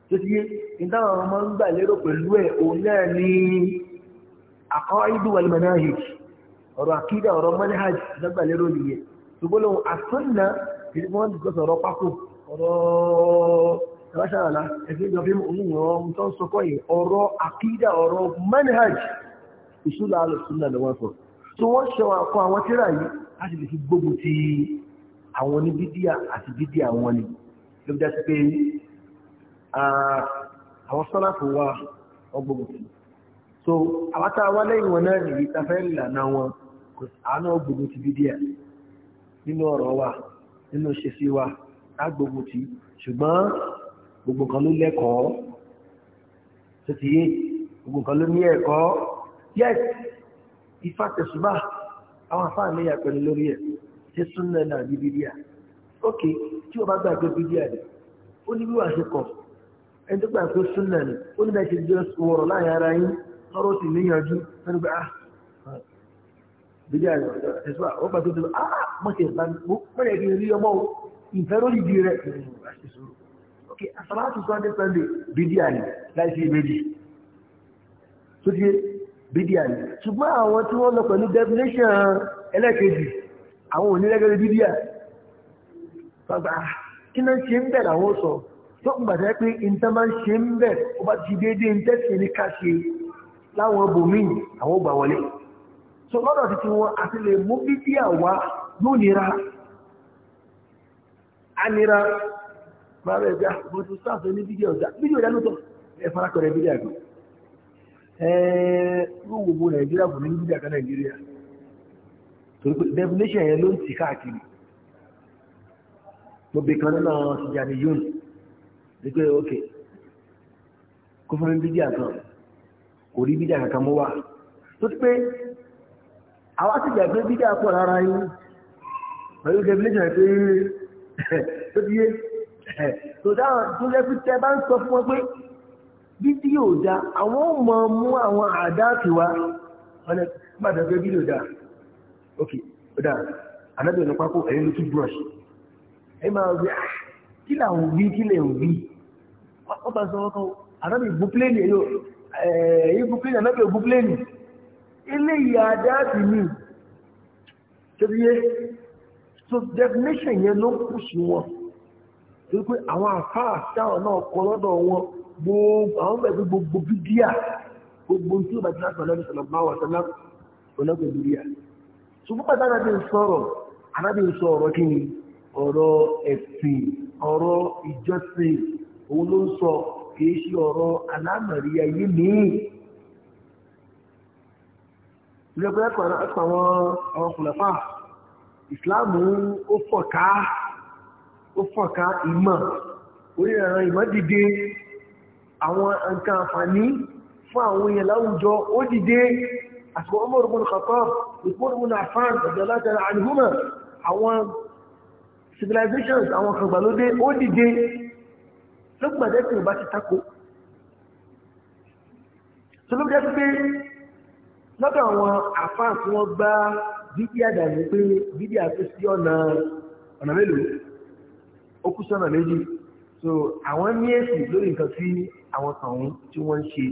tó ti yé ìdáhùn àwọn ọmọ ń gbà lérò pẹ̀lú ẹ̀ òun náà ni àkọ́ìdù wal manahij ẹ̀báṣàràlá ẹ̀fẹ́ ìjọ fíìmù òun ọ̀rọ̀ tó ń sọkọ́ yìí ọ̀rọ̀ àkídà ọ̀rọ̀ manhaj ìṣúlá alùsùnà so wọ́n ṣe àkọ́ àwọn tíra yìí láti lè fi gbógun ti àwọn ní bídíà àti bídíà wọn so àwátá wa lẹ́yìn wọn náà nìyí nínú ọ̀rọ̀ wa nínú ṣe sí wa á ṣùgbọ́n gbogbo kan ló lẹ́kọ̀ọ́ tó ti yé gbogbo kan ló ní ẹ̀kọ́ yes ifá tẹ̀sùbá àwọn afá mi yà pẹ̀lú lórí ẹ̀ ṣé súnmọ́ náà ní bíbíà ok tí wọ́n bá gbà pé bíbíà ni ó ní bí wàá ṣe kọ̀ ẹni tó gbà pé súnmọ́ ni ó ní bẹ́ẹ̀ ṣe jẹ́ wọ̀rọ̀ láàyè ara yín lọ́rọ́ sì níyànjú lẹ́nu pé ah bíbíà ni tẹ̀sùbá ó gbà tó tó ah mọ̀ ṣe ìfẹ́ rí ọmọ ìfẹ́ lórí ìdí rẹ̀ ah, ṣe sọ̀rọ̀ okay asalatu sunday sunday bídíà ni láì sí méjì tó ti bídíà ni ṣùgbọ́n àwọn tí wọ́n lọ pẹ̀lú definition ẹlẹ́kejì àwọn ò ní rẹ́gẹ́rẹ́ bídíà bàbá kí náà ṣe ń bẹ̀ làwọn sọ tó ń gbàtẹ́ pé ìntẹ́ máa ń ṣe ń bẹ̀ ó bá ti déédéé ń tẹ́sí ní ká ṣe láwọn bòmíì àwọn gbà wọlé so lọ́dọ̀ títí wọn àti lè mú bídíà wá yóò nira máa rẹ̀ bí àbọ̀tú sáàfẹ́ ní fídíò ọ̀dà fídíò ọ̀dà lóòótọ́ ẹ fara kọ̀rẹ̀ fídíò àgbẹ̀ ẹ̀ẹ́ gbogbo nàìjíríà kò ní fídíò àgbà nàìjíríà torí pé definition yẹn ló tó dáhùn tó jẹ́ pé tẹ́ bá ń sọ fún wọn pé fídíò da àwọn ò mọ̀ mú àwọn àdáàkì wa ọ̀nà gbàdọ̀ pé fídíò da ok ọ̀dà anábìyàn nípa kó ẹ̀yìn lókì brush ẹ máa wí ah, kí làwọn wí kí lè wí wọ́n bá sọ wọ́n anábì bú pléènì ẹ̀yọ ẹ̀yìn bú pléènì anábì bú pléènì eléyìí àdáàkì mi tó fi yé so definition yẹn ló kù sí wọn torí pé àwọn àfáà sáwọn náà kọ lọ́dọ̀ wọn gbogbo àwọn bẹ̀rẹ̀ gbogbo bídíà gbogbo tí ó bá ti láti ọ̀lẹ́ni sọ̀rọ̀ bá wà sọ́lá ọlọ́gbẹ̀ bídíà ṣùgbọ́n pàtàkì àti sọ̀rọ̀ anábì ń sọ ọ̀rọ̀ kíni ọ̀rọ̀ ẹ̀sìn ọ̀rọ̀ ìjọsìn òun ló ń sọ kìí ṣe ọ̀rọ̀ alámọ̀rí ayé míì ìrẹ́pẹ̀lẹ́pẹ̀ àwọn ọkùnrin fà ìsìláàmù ó fọ̀ káà ó fọ̀ká ìmọ̀ oríran ìmọ̀ dìde àwọn nǹkan àǹfààní fún àwọn èèyàn láwùjọ ó dìde àsìkò Umar ibn Khattab Uthman ibn Affan radiyallahu ta'ala anhuma àwọn civilizations àwọn kàgbàlódé ó dìde lọ́gbàdẹ́ tí ìbá ti tako tó ló jẹ́ pé lọ́dọ̀ àwọn àfáà tí wọ́n gbá bíbí àdàlú pé bíbí àti sí ọ̀nà ọ̀nà mélòó ó kú sọ́nà méjì so àwọn ní èsì lórí nǹkan tí àwọn kàwọn tí wọ́n ń ṣe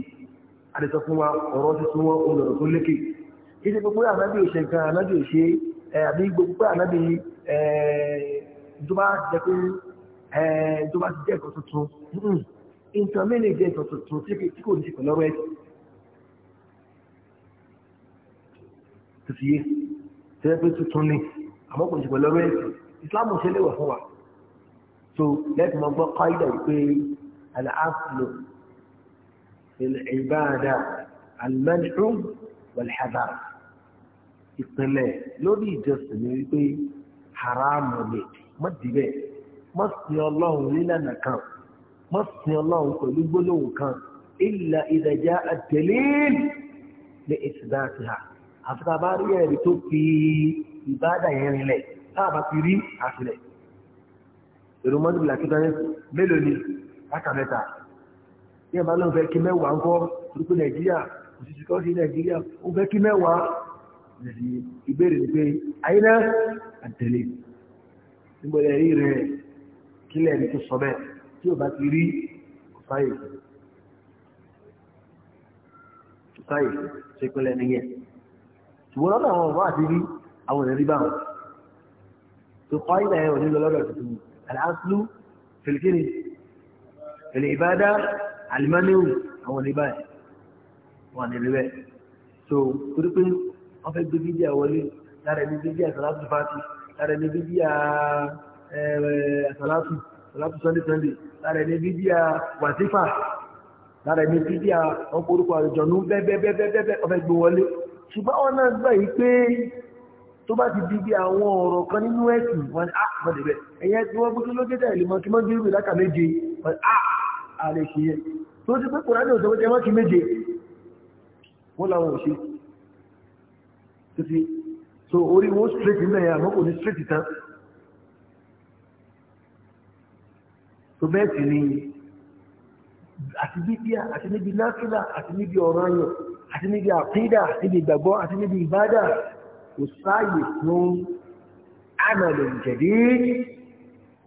àdìsọ fún wa ọ̀rọ̀ ti tún wọn òun lọ̀rọ̀ tó lékè ìṣe gbogbo ànábì òṣè nǹkan ànábì òṣè àbí gbogbo ànábì tó bá jẹ pé tó ti jẹ́ nǹkan tuntun nǹkan mí lè jẹ́ nǹkan tuntun tí kò ní ṣe pẹ̀lú ọ̀rọ̀ ẹ̀sìn tó tẹ́lẹ̀ pé tuntun ni àmọ́ kò ní ṣe pẹ̀lú ọ̀rọ̀ Islam ṣe léwọ̀ fún wa so lẹ́tí mo gbọ́ kọ́ìdà pé aláàflò ìbáadà almanhu walhadar ìpínlẹ̀ lórí ìjọsìn ni wípé haramu ni mọ́dìbẹ̀ mọ́sìn ọlọ́run nílànà kan mọ́sìn ọlọ́run pẹ̀lú gbólóhùn kan ìlà ìdàjá àtẹ̀lẹ́ẹ̀lì ní ìsìdáàtì ha àfikà ẹ̀rí tó fi ìbáadà yẹn rinlẹ̀ táà bá rí àtìlẹ̀ èrò mọ́tòbí làkítọ́yé mélòó ni láka mẹ́ta ní ẹ̀bá ló ń fẹ́ kí mẹ́wàá ń kọ́ orúkọ nàìjíríà òṣìṣẹ́ kọ́ sí nàìjíríà ó fẹ́ kí mẹ́wàá lẹ́sí ìbéèrè ni pé àyínà àtẹ̀lé níbo lẹ́ rí rẹ̀ kílẹ̀ ní tó sọ bẹ́ẹ̀ tí ò bá ti rí ọ̀sáyè ọ̀sáyè ṣe pínlẹ̀ nìyẹn ṣùgbọ́n lọ́dọ̀ àwọn ọ̀rọ̀ àti rí àwọn ìrẹ́rí báwọn tó kọ́ ìlà ẹ̀ òní lọ́dọ̀ tuntun الأصل في الكني في العبادة المنو هو العبادة هو العبادة so torí pé wọ́n fẹ́ gbé bíbí àwọlé lára ẹni bíbí àsàlátù fati lára ẹni bíbí àsàlátù àsàlátù sunday sunday lára ẹni bíbí àwàsífà lára ẹni bíbí àwọn orúkọ àjọ̀nú bẹ́ẹ̀bẹ́ẹ̀bẹ́ẹ̀bẹ́ ọ̀fẹ́ gbé wọlé ṣùgbọ́n wọn náà gbà yí pé tó bá ti di bí àwọn ọ̀rọ̀ kan nínú ẹ̀sìn ah, wọn á mọ̀dẹ̀bẹ̀ ẹ̀yẹ tí wọ́n gbókè lókèdè ìlúmọ̀ kí wọ́n gbé ìwé láka méje wọn á àlè ah, ṣe yẹ tó ti pé kòránì òṣèlú tẹ́ wọ́n ti méje wọ́n làwọn ò ṣe títí so orí wọn straight nílẹ̀ yẹn àmọ́ kò ní straight tán tó bẹ́ẹ̀ sì ni àti bíbíà àti níbi náfìlà àti níbi ọ̀rọ̀ ayọ̀ àti níbi àkídà àti níbi ìgbàgbọ́ àti níbi ìbádà kò sáàyè fún àmàlò jẹ̀dí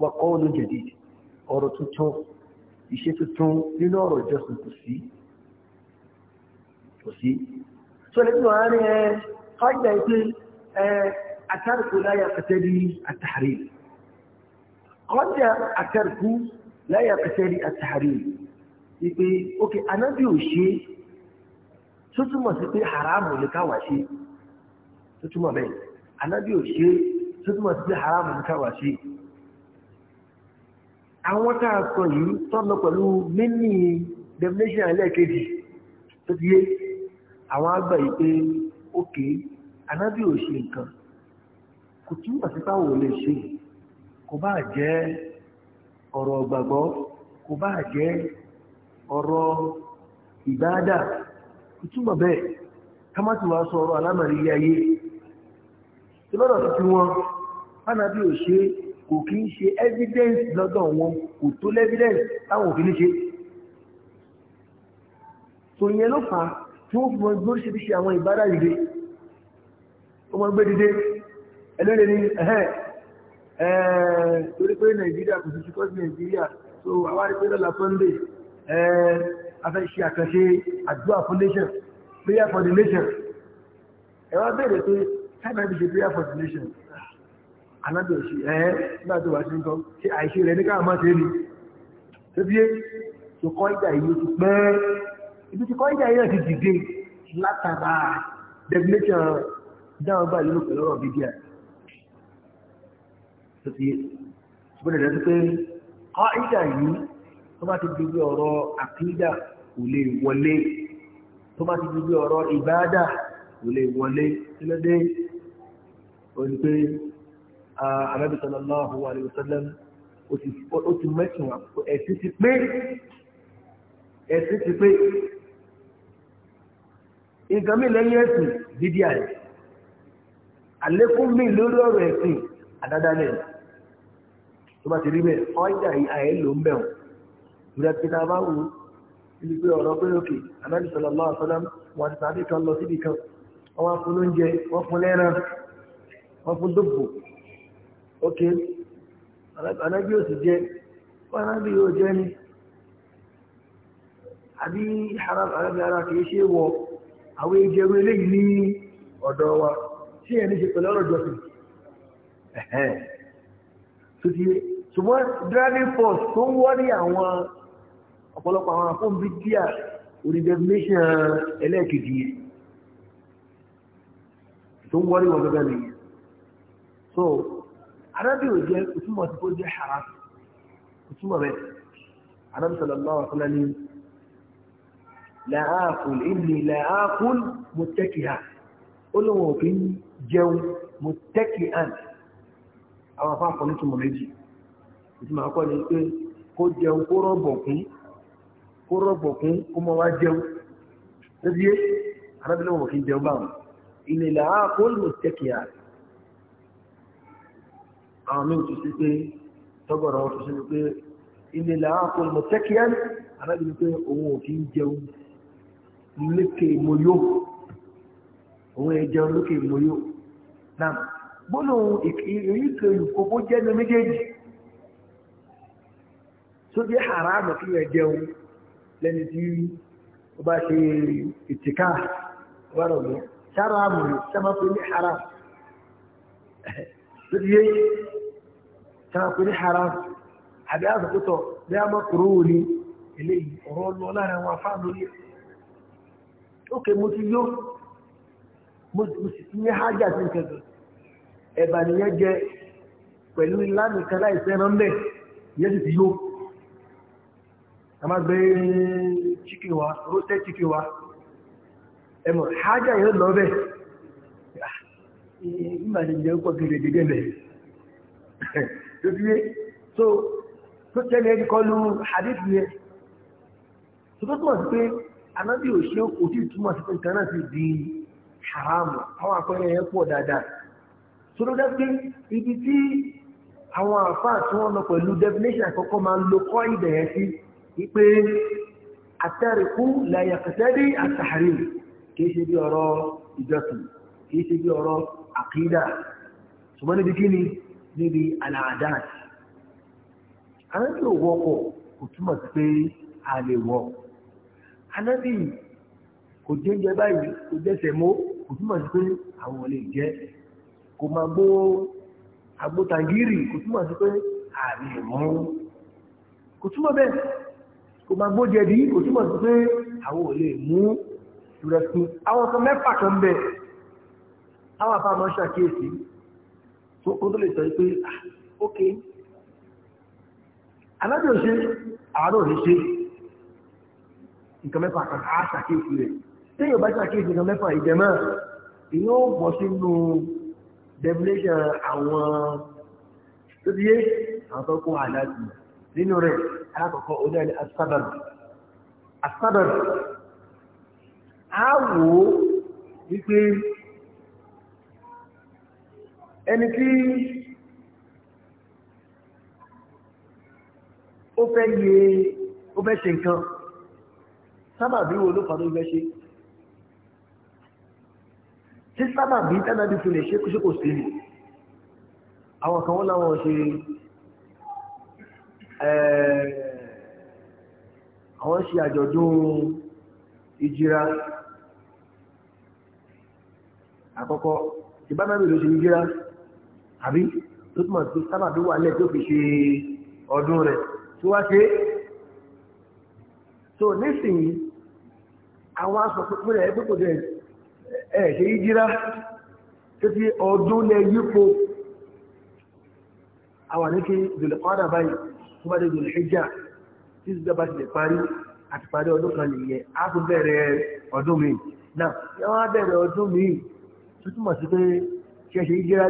wọ́kọ́ ló jẹ̀dí ọ̀rọ̀ tuntun ìṣe tuntun nínú ọ̀rọ̀ ìjọsìn kò sí kò sí tó lè tún àárín ẹ fájà ìpín ẹ àtàrùkù láyà kẹtẹ́lì àtàrí kọjá àtàrùkù láyà kẹtẹ́lì àtàrí ìpè ókè anábì ò ṣe tó túmọ̀ sí pé haramu lè káwà ṣe tó túmọ̀ bẹ́ẹ̀ anábì ò ṣe tó túmọ̀ sí haram ní káwà ṣe àwọn tá a sọ yìí tọ́lọ pẹ̀lú mini definition ẹlẹ́ẹ̀kejì tó ti yé àwọn àgbà yìí pé ókè anábì ò ṣe nǹkan kò túmọ̀ sí táwọn ò lè ṣe kò bá jẹ́ ọ̀rọ̀ gbàgbọ́ kò bá jẹ́ ọ̀rọ̀ ìbáadà kò túmọ̀ bẹ́ẹ̀ ká má ti wá sọ ọ̀rọ̀ alámàrí ayé tí lọ́dọ̀ ti fi wọn fánàbí ò ṣe kò kí ń ṣe evidence lọ́dọ̀ wọn kò tó lẹ́vidence táwọn òfin ṣe tò yẹn ló fà á tí wọ́n fi wọn gbé oríṣiríṣi àwọn ìbádà ìdè wọ́n máa gbé dìde ẹlẹ́rẹ́ ní ẹ̀hẹ́ ẹ̀ẹ́ torí pé nàìjíríà kò sí ṣùkọ́ sí nàìjíríà so àwárí pé lọ́la sunday ẹ̀ẹ́ afẹ́ṣe àkànṣe àdúrà foundation prayer for the nation ẹ̀wọ́n bèèrè pé sábẹ́bí ṣe prayer for the nation alábẹ̀ òṣì ẹ́ nígbà tó wà sí nǹkan ṣe àìṣe rẹ̀ ní káà máa ṣe é ni tó bí tó kọ́ ìjà yìí ti pẹ́ ibi tí kọ́ ìjà yìí ti dìde látara definition dáhùn gbà yìí ló pẹ̀lú ọ̀rọ̀ bíbí ẹ̀ tó ti gbọ́dọ̀ dẹ́ pé kọ́ ìjà yìí tó bá ti dìde ọ̀rọ̀ àkídà kò lè wọlé tó bá ti dìde ọ̀rọ̀ ìbáadà kò lè wọlé sílẹ̀ dé òní pé Ànábì sallallahu alaihi wasallam ó ti mẹ́sìn wá ẹ̀sìn ti pé ẹ̀sìn ti pé nǹkan mi lẹ́yìn ẹ̀sìn dídí àyè àlékún mi lórí ọ̀rọ̀ ẹ̀sìn àdádálẹ̀ tó bá ti rí bẹ́ẹ̀ ọjà àyè ló ń bẹ̀rù ìrẹ́ ti ta bá wù ú ibi pé ọ̀rọ̀ pé òkè Ànábì sallallahu alaihi wasallam wọn kan lọ síbi kan wọn fún lóúnjẹ wọn fún lẹ́ran wọ́n fún dóbò ok anábí yóò sì jẹ wọ́n anábí yóò jẹ ni àbí arábí ara kìí ṣe wọ àwọn èjì ẹrú eléyìí ní ọ̀dọ̀ wa tí ẹni ṣe pẹ̀lú ọ̀rọ̀ jọ̀sìn driving force tó ń wọ́n ní àwọn ọ̀pọ̀lọpọ̀ àwọn àfọ́nbí díà orí definition ẹlẹ́ẹ̀kejì yẹn tó ń wọ́n ní wọn gẹ́gẹ́ nìyẹn so arábì ò jẹ́ òtúmọ̀ tí ó jẹ́ haram òtúmọ̀ rẹ̀ arábì sallallahu alaihi wasallam ni làákùn ìlì làákùn mọ̀tẹ́kìá ó lóun òfin jẹun mọ̀tẹ́kìá àwọn afá àkọ́ nítumọ̀ méjì ìtumọ̀ akọ́ ni pé kó jẹun kó rọ̀bọ̀kún kó rọ̀bọ̀kún kó mọ́ wá jẹun lóbi yé arábì lóun òfin jẹun báwọn ìlì làákùn mọ̀tẹ́kìá àwọn míì tún sí pé tọ́gbọ̀rọ̀ wọn tún sí pé ilé làwọn kò mọ̀ tẹ́kíẹ́ anábì ni pé òun ò kì í jẹun lókè mọ́yó òun ẹ̀ jẹun lókè mọ́yó náà gbọ́nà ìrìnkè olùkókó jẹ́ ní méjèèjì tó jẹ́ haramu kí ẹ jẹun lẹ́ni tí ó bá ṣe ìtìká wọ́rọ̀ mọ́ sára mọ̀ sábà pé ní haramu tó ti yé táwọn pè ní haram àbí àsopótọ̀ bí a máa kúrò e ní eléyìí ọ̀rọ̀ lọ láàrin àwọn afá lórí ókè mo ti yó mo ti ní hajj àti a chicken wa roasted chicken nígbà tí jẹ́ pọ̀ kiri dìde bẹ̀ tó fi so tó tẹ́lẹ̀ ẹni kọ́ ló hadith yẹn tó tó túmọ̀ sí pé anábì ò ṣe kò tí túmọ̀ sí pé nǹkan náà ti di haram àwọn àpẹẹrẹ yẹn pọ̀ dáadáa tó tó dẹ́ pé ibi tí àwọn àfáà tí wọ́n lọ pẹ̀lú definition àkọ́kọ́ máa ń lo kọ́ ìdẹ̀ sí wípé àtẹ́rìkú làyàkẹ́tẹ́ àtàrí kìí ṣe bí ọ̀rọ̀ ìjọsìn kìí ṣe bí ọ̀rọ̀ àkídà ṣùgbọ́n níbi kí ni níbi àlàádáàtì anábì ò wọ́pọ̀ kò túmọ̀ sí pé a lè wọ̀ anábì kò jẹ́jẹ́ báyìí kò jẹ́sẹ̀ mọ́ kò túmọ̀ sí pé àwọn lè jẹ́ kò máa gbó agbótangírì kò túmọ̀ sí pé a lè mọ́ kò túmọ̀ bẹ́ẹ̀ kò máa gbó jẹ̀bi kò túmọ̀ sí pé àwọn ò lè mú rẹ̀ sí àwọn kan mẹ́fà kan bẹ́ẹ̀ àwọn àfáà máa ń ṣàkíyèsí tó kó tó lè sọ pé ah, ok alájò ṣe àárò ní ṣe nǹkan mẹ́fà kan á ṣàkíyèsí rẹ̀ téèyàn bá ṣàkíyèsí nǹkan mẹ́fà ìjẹmọ́ ìyẹn ó bọ́ sínú definition àwọn tó ti yé àwọn tó kó àdájú nínú rẹ̀ alákọ̀ọ́kọ́ ojú ẹni asábàbù asábàbù á wò ó wípé ẹni tí ó fẹ́ yẹ ó fẹ́ ṣe nǹkan sábàbí wo ló fàdó fẹ́ ṣe tí sábàbí tánàbí fi lè ṣe kó kò sí si àwọn kan wọ́n láwọn ṣe àwọn ṣe àbí tó túmọ̀ sí sábàbí wà lẹ́ẹ̀ tó fi ṣe ọdún rẹ̀ tó wá ṣe so nísìnyí àwọn aṣọ pípín rẹ̀ pípò jẹ ẹ̀ ṣe yíjíra tó ti ọdún lẹ yípo àwọn ní kí Dhul-Qa'da báyìí tó bá dé Dhul-Hijja tí ìjọba ti lè parí àti parí ọdún kan nìyẹn á tún bẹ̀rẹ̀ ọdún mi náà yẹn wọ́n á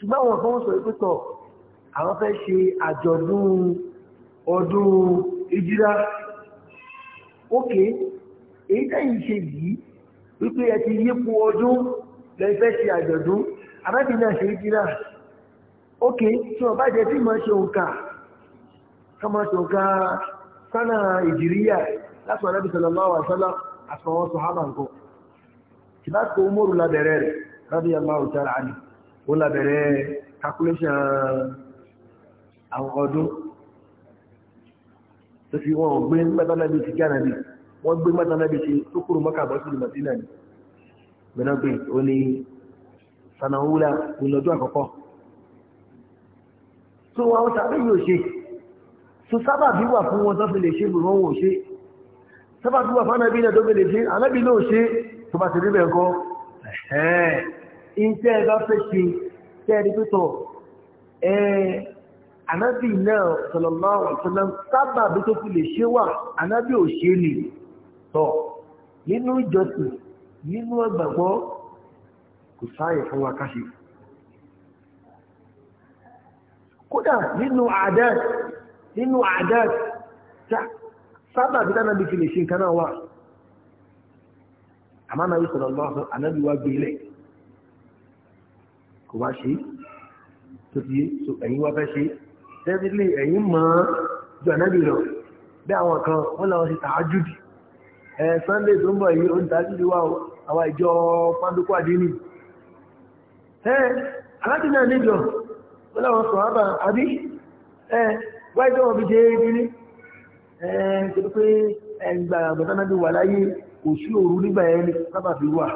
ṣùgbọ́n àwọn kan sọ pé tọ̀ àwọn fẹ́ ṣe àjọ̀dún ọdún ìjírá ókè èyí tẹ́yìn ṣe yìí wípé ẹ ti yípo ọdún lẹ́yìn fẹ́ ṣe àjọ̀dún abẹ́bí náà ṣe ìjírá ókè tí wọ́n bá jẹ́ tí mọ́ ṣe òǹkà kọmọ ṣe òǹkà sánà ìjìríyà láti wọ́n lábìsọ̀ ó lábẹ̀rẹ̀ calculation àwọn ọdún tó fi wọ́n gbé mẹ́tànàbí ti gánàbí wọ́n gbé mẹ́tànàbí ti tó kúrò mọ́kàbọ́ sí ìmọ̀sílẹ̀ ni mẹ́nàgbé ó ní sanahula ìlọ́jọ́ àkọ́kọ́ tó wọ́n tàbí yóò ṣe tó sábà bí wà fún wọn tó fi lè ṣe bùrọ̀ wọn ò ṣe sábà bí wà fún anábí náà tó fi lè ṣe anábí náà ṣe tó bá ti rí bẹ́ẹ̀ ìtẹ́ ẹ bá fẹ́ ṣe tẹ́ ẹ rí pẹ́tọ̀ ẹ ànábì náà sallallahu alaihi wasallam sábà bí tó fi lè ṣe wà ànábì ò ṣe lè tọ̀ nínú ìjọsìn nínú ẹgbàgbọ́ kò sáàyè fún wa káṣe kódà nínú àdáàt nínú àdáàt sábà bí tánàbí fi lè ṣe nǹkan náà wà àmánà yìí sọ̀rọ̀ lọ́wọ́ wa gbé lẹ́yìn kò wá ṣe tó ti so ẹ̀yin wá fẹ́ ṣe definitely ẹ̀yin mọ̀ ju ànábì lọ bí àwọn kan wọ́n làwọn ṣe tàájúdì ẹ̀ sunday tó ń bọ̀ yìí ó ń tàájúdì wá àwọn ìjọ pàdókò àdínì ẹ̀ aláàjì náà níjọ wọ́n làwọn sọ̀ ábà àbí ẹ̀ wáyé tó wọ́n fi ṣe é kiri ẹ̀ tó pé ẹgbà àgbàtánábì wà láyé kò sí òru nígbà yẹn ní sábà fi wà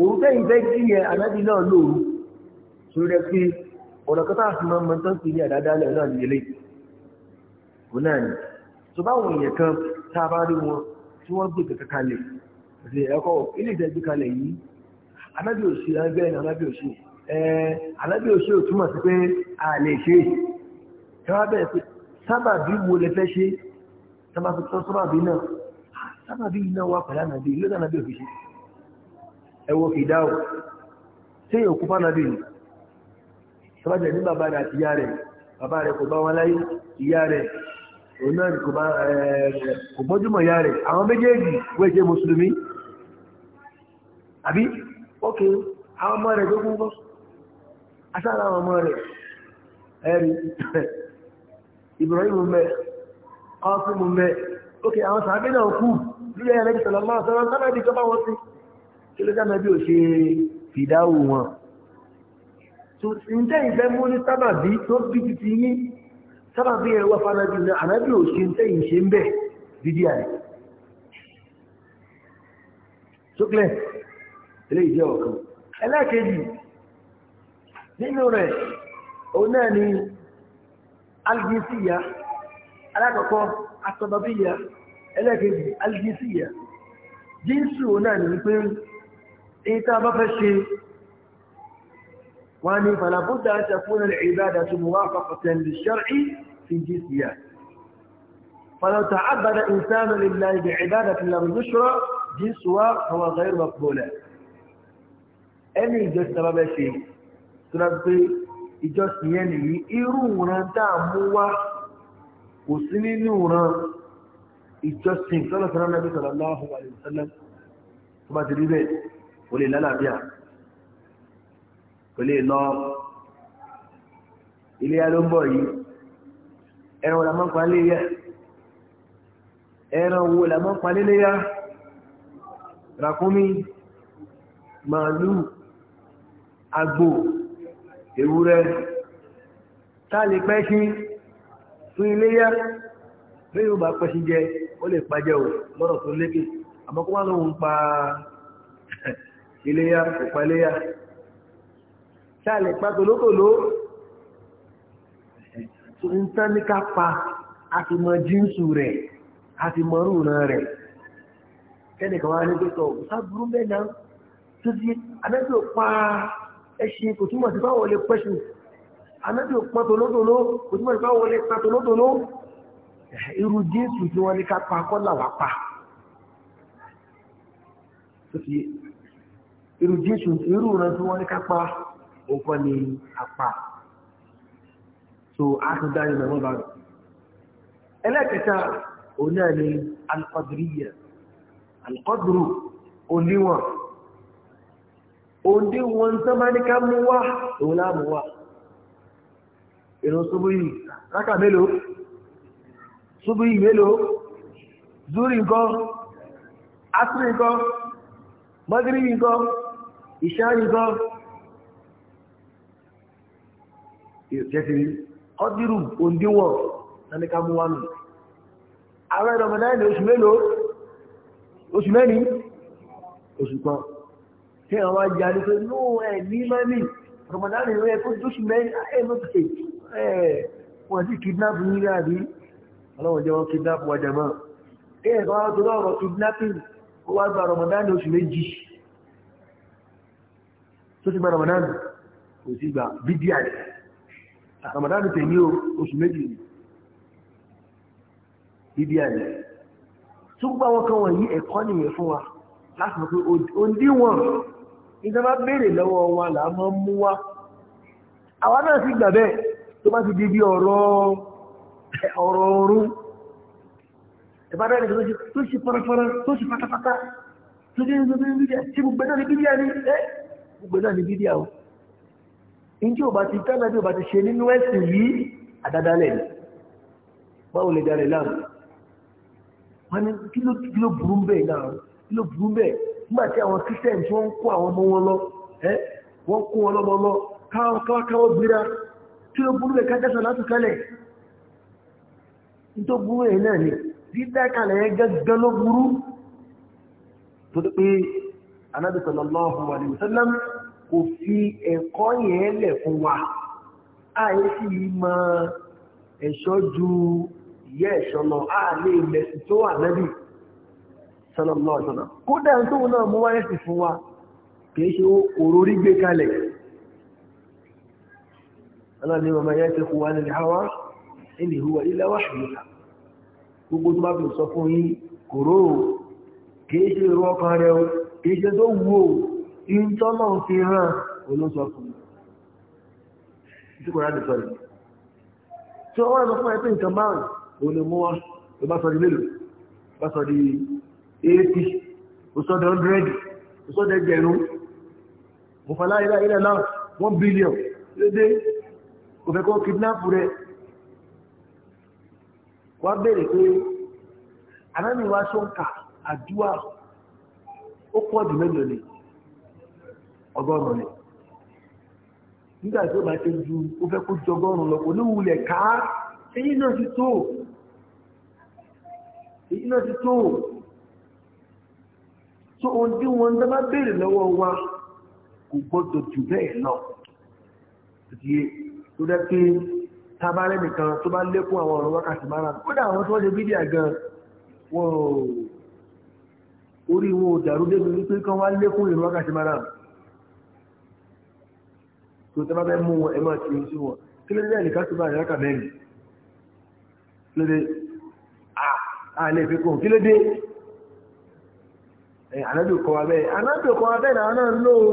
òru tẹ́yìn fẹ́ kí yẹn ànábì náà lóru tó rẹ pé ọ̀nà kan táà fi máa mọ ní àdáadáa lẹ̀ náà nílé òun náà ni tó bá wọn èèyàn kan tá a bá rí wọn tí wọ́n gbé kankan kalẹ̀ ṣe ẹ̀kọ́ ilé ìtẹ́ gbé kalẹ̀ yìí anábì òṣì ẹgbẹ́ ẹ̀yìn anábì òṣì anábì òṣì ò túmọ̀ sí pé a lè ṣe ẹ wá bẹ̀rẹ̀ pé sábàbí wo lẹ fẹ́ ṣe sábàbí tó sábàbí náà ah, sábàbí iná wa pẹ̀lú ànàbì ìlú ànàbì òfìṣẹ́ ẹ̀wọ̀ fìdáwò tí èèyàn kú fánàbì yìí tọ́bàjẹ̀ ní bàbá rẹ̀ àti ìyá rẹ̀ bàbá rẹ̀ kò bá wọn láyé ìyá rẹ̀ òun náà kò bọ́júmọ̀ ìyá rẹ̀ àwọn méjèèjì wọ́n jẹ́ mùsùlùmí àbí ókè àwọn ọmọ rẹ̀ tó kún fọ́ asára àwọn ọmọ rẹ̀ ẹ̀rí Ibrahim mẹ́ Qasim mẹ́ ókè àwọn sàábé náà kú nílẹ̀ ẹ̀rẹ́ ǹjẹ́ ìfẹ́ mú ní sábàbí tó bí ti ti yín sábàbí ẹwà fanabi ní ànábì ò ṣe ń tẹ́ ìṣe ń bẹ̀ dídí àrẹ ṣókẹ́lẹ̀ ilé ìjẹ́ ọ̀kan ẹlẹ́ẹ̀kejì nínú rẹ̀ òun náà ni algesiya alákọ̀ọ́kọ́ asọ̀bàbíyà ẹlẹ́ẹ̀kejì algesiya jíǹsù òun náà ni wípé èyí bá fẹ́ ṣe وأني فلا بد أن تكون العبادة موافقة للشرع في جنسها فلو تعبد إنسان لله بعبادة لم يشرع جنسها فهو غير مقبولة ẹni ìjọsìn bá bẹ́ ṣe tó dájú pé ìjọsìn yẹn nìyí irú ìran tá a mú wá kò sí nínú ìran ìjọsìn tọ́lọ̀sán kò lè lọ ilé ya ló ń bọ̀ yìí ẹran wo la máa ń pa lé yá ẹran wo la máa ń pa lé yá ràkúnmí màálù àgbò ewúrẹ́ tá a lè pẹ́ sí fún ilé yá bí yóò bá pẹ́ sí jẹ ó lè pàjẹ́ ò lọ́rọ̀ tó lékè àmọ́ kó wá lóhun pa ilé yá kò pa ilé yá ṣáàlẹ̀ pa tòlótòló ń tán ní ká pa a ti mọ jíǹsù rẹ̀ a ti mọ rúùran rẹ̀ kẹ́nìkan wá ní pẹ́tọ̀ sábúrú mẹ́na tó ti anájò pa ẹṣin kò túmọ̀ sí báwọn lè pẹ́ṣù anájò pa tòlótòló kò túmọ̀ sí báwọn lè pa tòlótòló irú jíǹsù tí wọ́n ní ká pa kọ́ làwà pa irú jíǹsù irú ìran tí wọ́n ní ká òǹkọ́ ni àpá so a tún dáyé lọ mọ́ba rẹ̀ ẹlẹ́kẹta òun náà ni alqadriya alqadru òníwọ̀n òndíwọ̀n tó máa ní ká mú wá òun láàmú wá ìrun súbúyì rákà mélòó súbúyì mélòó zúrì nǹkan asúrì nǹkan mọ́gírí nǹkan ìṣáà nǹkan ìṣẹ́sìrí ọdírù òndíwọ̀ sanikamuwanu ààrẹ ramadan oṣù mélòó oṣù mẹ́ni oṣù kan tí àwọn wá jẹ́ àdúgbò ní ẹ̀ ní mẹ́ni ramadan ló yẹ n'ime oṣù mẹ́ni ẹ̀ẹ́mọ́ pé ẹ̀ wọ́n sì kidnap ní ilé àbí ọlọ́wọ́n jẹ́ kidnap mọ́ tó ti gba ramadan kò Ramadan tẹ̀ ní oṣù méjì bíbí àyè tó gbá wọn kan wọ̀nyí ẹ̀kọ́ nìyẹn fún wa láti mọ̀ pé òdíwọ̀n ìjọba béèrè lọ́wọ́ wa là mú wa àwa náà sì gbà bẹ́ẹ̀ tó bá ti di bí ọ̀rọ̀ ọ̀rọ̀ ọ̀run ìbádẹ́ni tó ṣe fọ́nrafọ́nra tó ṣe pátápátá tó ṣe ń gbé náà ní bíbí àní ẹ́ gbogbo náà ní bíbí àwọn njẹ́ ò bá ti tẹ́lẹ̀ bí ò bá ti ṣe nínú ẹ̀sìn yìí àdádálẹ̀ ni báwo lè darẹ̀ láàmú wọn ni kí ló burú bẹ́ẹ̀ náà kí ló burú bẹ́ẹ̀ nígbà tí àwọn christians wọ́n ń kó àwọn ọmọ wọn lọ ẹ́ wọ́n kó wọn lọ́mọ lọ káwọ́ gbéra kí ló burú bẹ́ẹ̀ ká láti kálẹ̀ ní burú ẹ̀ náà ni dídá kalẹ̀ yẹn gẹ́gẹ́ ló burú tó dé pé anábìsọ̀lọ́lọ́ ọ̀hún wà ní ìsẹ́lẹ́mù kò fi ẹ̀kọ́ yẹn lẹ̀ fún wa àyè sì mọ ẹ̀ṣọ́ ju ìyẹ́ ẹ̀ṣọ́ lọ àlè ìmẹ̀sì tó wà lẹ́bì sọlọ́lọ́ ọ̀sọ̀nà kódà tó náà mú wáyé sì fún wa hawa ẹni ìhùwà ilẹ̀ wà ṣùgbọ́n gbogbo tó bá fi sọ fún yín kòró kìí ṣe ìrọ̀ ọkàn rẹ̀ kìí ṣe tó wù ó ìjọ́lọ́ fi rán olóṣọ́kùn tí kò rádìí sọ́rọ̀ tí wọ́n lọ fún ẹgbẹ́ nǹkan márùn ún lè mú wá ló bá sọ di mélòó bá sọ di 80 ó sọ di 100 ó sọ di ẹgbẹ̀rún mo fà láyé láyé náà 1 billion lédè kò fẹ́ kó kidnap rẹ̀ wá béèrè pé anáníwá sọ́nkà àdúrà ó pọ̀ jù mélòó ni ọgọ́rùn-ún ni nígbà tí ó bá ti ju ó fẹ́ kó ju ọgọ́rùn-ún lọ kò ní wulẹ̀ ká èyí náà ti tó èyí náà ti tó tó ohun tí wọn dábà béèrè lọ́wọ́ wa kò gbọ́dọ̀ jù bẹ́ẹ̀ lọ ti tó dẹ́ pé tábàárẹ̀ nìkan tó bá lékún àwọn ọ̀rọ̀ wákàtí márùn kódà àwọn tí wọ́n ṣe bídíà gan wọn ò orí wọn ò dàrú débi wípé kán wá lékún ìrún wákàtí márùn tó tẹ́ bá bẹ́ mú wọn ẹ máa kí sí wọn kí ló dé ẹnìkan tó bá yàrá kà mẹ́rin kí ló dé àlẹ́ ìfẹ́ kò kí ló dé ànábì kọ́ wa bẹ́ẹ̀ ànábì kọ́ wa bẹ́ẹ̀ náà náà lò ó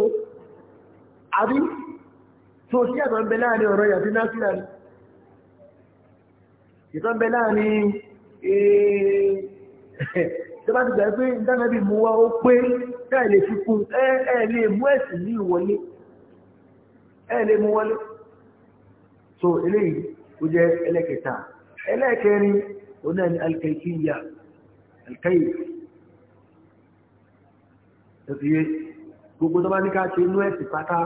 àbí tó sí àtọ́ ń bẹ láàrin ọ̀rọ̀ yàtí násìlá ni ìtọ́ ń bẹ láàrin tó ẹ lè mú wọlé so eléyìí ó jẹ́ ẹlẹ́kẹta ẹlẹ́kẹrin ó náà ní alkaikiya alkai ẹ̀fìyẹ gbogbo tó bá ní ká ṣe inú ẹ̀sì pátá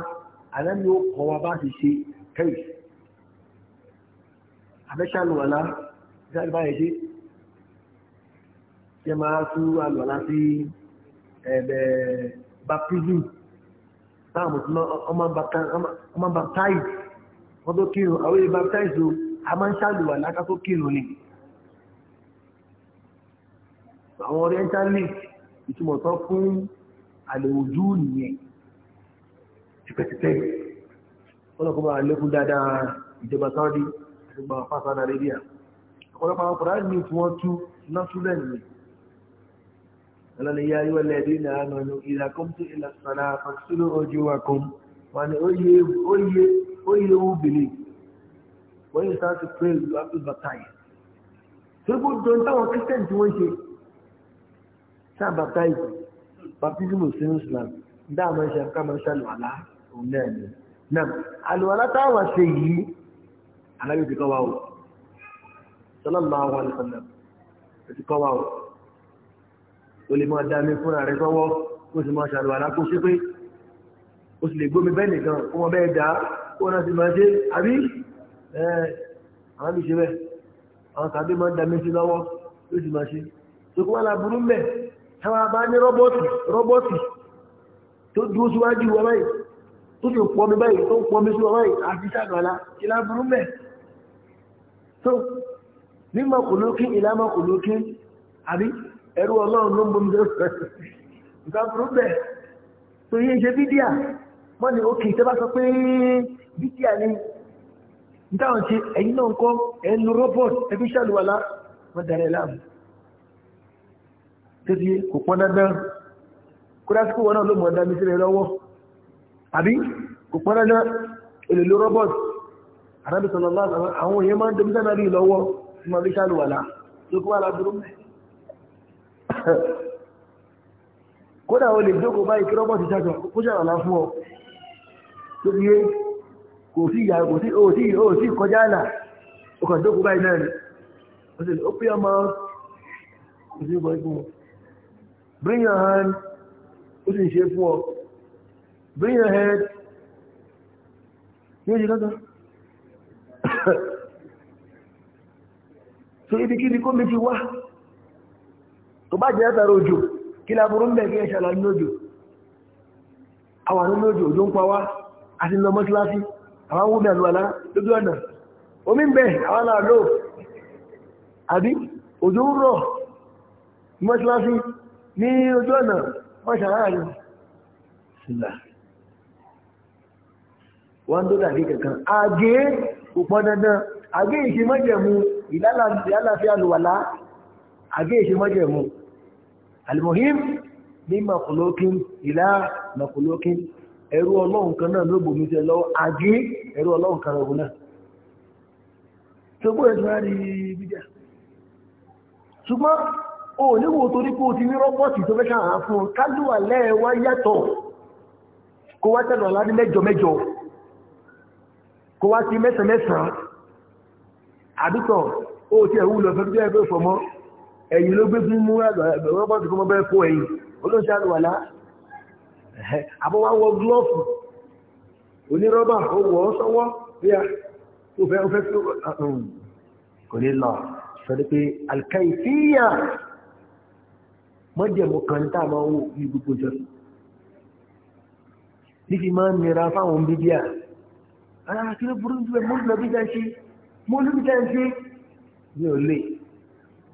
alẹ́ ni ó kọ́ wa bá ti ṣe kai abẹ́ṣàlùwàlá ìsáàlùbá ẹ̀ṣẹ́ ṣe máa tú àlùwàlá sí ẹ̀bẹ̀ baptism táwọn mùsùlùmí ọmọ baptize wọ́n tó kírun àwọn èyí baptize o a máa ń ṣàlùwà láká tó kírun ni àwọn orientalist ìtumọ̀ tán fún àlèwòjú nìyẹn tipẹ́tipẹ́ ọlọ́kọ̀ bá lékún dáadáa ìjọba Saudi àti gbàmà fásitì Arabia ọ̀pọ̀lọpọ̀ àwọn kọ̀ọ̀rọ̀ ní tí wọ́n tú náà túlẹ̀ nìyẹn ọlọ́ni yá yíwọ́ lẹ́bí náà nínú ìlàkọ́mtí ìlàsàlá fàṣílò ojú wa kún wà ní óyé wú bìlì when you start to pray you have to baptize tó gbó jọ táwọn christian tí wọ́n ṣe sáà baptize baptism of sin islam dáàmọ́ ṣe àkámọ́ ṣàlùwàlá òun náà ni náà àlùwàlá táwọn ṣe yìí alábìtì kọ́ wa o sọlọ́mù àwọn àlùfàlà ètùkọ́ wa o o lè máa dámi fúnra rẹ sọ́wọ́ kó sì máa ṣàlùwà lákó sí pé o sì lè gbómi bẹ́ẹ̀ nìkan kó wọn bẹ́ẹ̀ dá kó wọn sì máa ṣe àbí àwọn mi ṣe bẹ́ẹ̀ àwọn tàbí máa dámi sí lọ́wọ́ ló sì máa ṣe tó kó wà láburú mẹ́ táwọn bá ní rọ́bọ́ọ̀tì rọ́bọ́ọ̀tì tó dúró síwájú wọn báyìí tó sì pọnmi báyìí tó pọnmi sí wọn báyìí àti ṣàlùwà ìlà burú mẹ́ tó mímọ̀ kò lókín ìlà kò lókín àbí ẹrú ọlọ́run ló ń bomi lọ́sọ̀rọ̀ nǹkan burú bẹ́ẹ̀ tó yé ṣe bídíà wọ́n ní òkè tẹ́ bá sọ pé bídíà ni nítawọn ṣe ẹ̀yin náà ń kọ́ ẹnu robot ẹbí ṣàlùwàlá wọ́n darí ẹ̀ láàmú títí kò pọ́n dandan kódà sí kó wọn náà ló mọ̀ ọ́n dání sílẹ̀ lọ́wọ́ àbí kò pọ́n dandan èlò ló robot arábìsọ̀lọ́lá àwọn èèyàn máa ń dẹ́mítà náà rí lọ́wọ́ fún ọbí ṣàlùwàlá ló kó wà lábúrú mẹ́ kódà o lè jókòó báyìí kí rọ́bọ̀tì ṣàtọ̀ kó ṣàrànlá fún ọ tó fi yé kò sí ìyá kò sí òsì òsì kọjá àlà o kàn jókòó báyìí náà ni o sì ó pé ọmọ kò bring your hand o sì ń ṣe fún ọ bring your head yóò ṣe lọ́tọ̀ so ibi kíbi kó méjì wá tó bá jẹ́ ẹ́tàrà òjò kí láburú ń bẹ̀ kí ẹ̀ṣàlá lójò àwọn àwọn lójò òjò ń pa wá àti lọ mọ́síláṣí àwọn wúmi àlúwàlá lójú ọ̀nà omi ń bẹ̀ àwọn aláàlò àbí òjò ń rọ̀ mọ́síláṣí ní ojú ọ̀nà mọ́ṣàláràyìn sílá wọ́n tó dàbí ìṣe mọ́jẹ̀mú alimohim ní makulokin ilá makulokin ẹrú ọlọ́run kan náà ló bòmí tẹ lọ́wọ́ àjí ẹrú ọlọ́run kan ọ̀hún náà tó gbọ́dọ̀ tó rárí bíjà ṣùgbọ́n o ò níwò torí pé o ti ní rọ́pọ̀tì tó fẹ́ ṣàhán fún un kálùwà lẹ́ẹ̀wá yàtọ̀ kó wá tẹ̀lọ̀ ọ̀la ní mẹ́jọ mẹ́jọ kó wá sí mẹ́sàn-mẹ́sàn àdúgbò o ti ẹ̀wù lọ fẹ́ bí ẹgbẹ́ fọmọ́ ẹ̀yìn ló gbé fún mú rọ́bọ̀tì kó mọ́ bẹ́ẹ̀ fún ẹ̀yìn olóṣà lù wàlá àbọ̀wá wọ glọ́ọ̀fù onírọ́bà ó wọ̀ ọ́ sọ́wọ́ bíyà ó fẹ́ fẹ́ tó um, kò ní lọ sọ pé alkaifiya mọ́jẹ̀mú kan tá a máa wò ní gbogbo jọ nífi máa ń nira fáwọn bíbíà ara ah, kí ló burú jù ẹ mọ́lùmọ́ bí dáa ṣe mọ́lùmọ́ bí dáa ṣe mi ò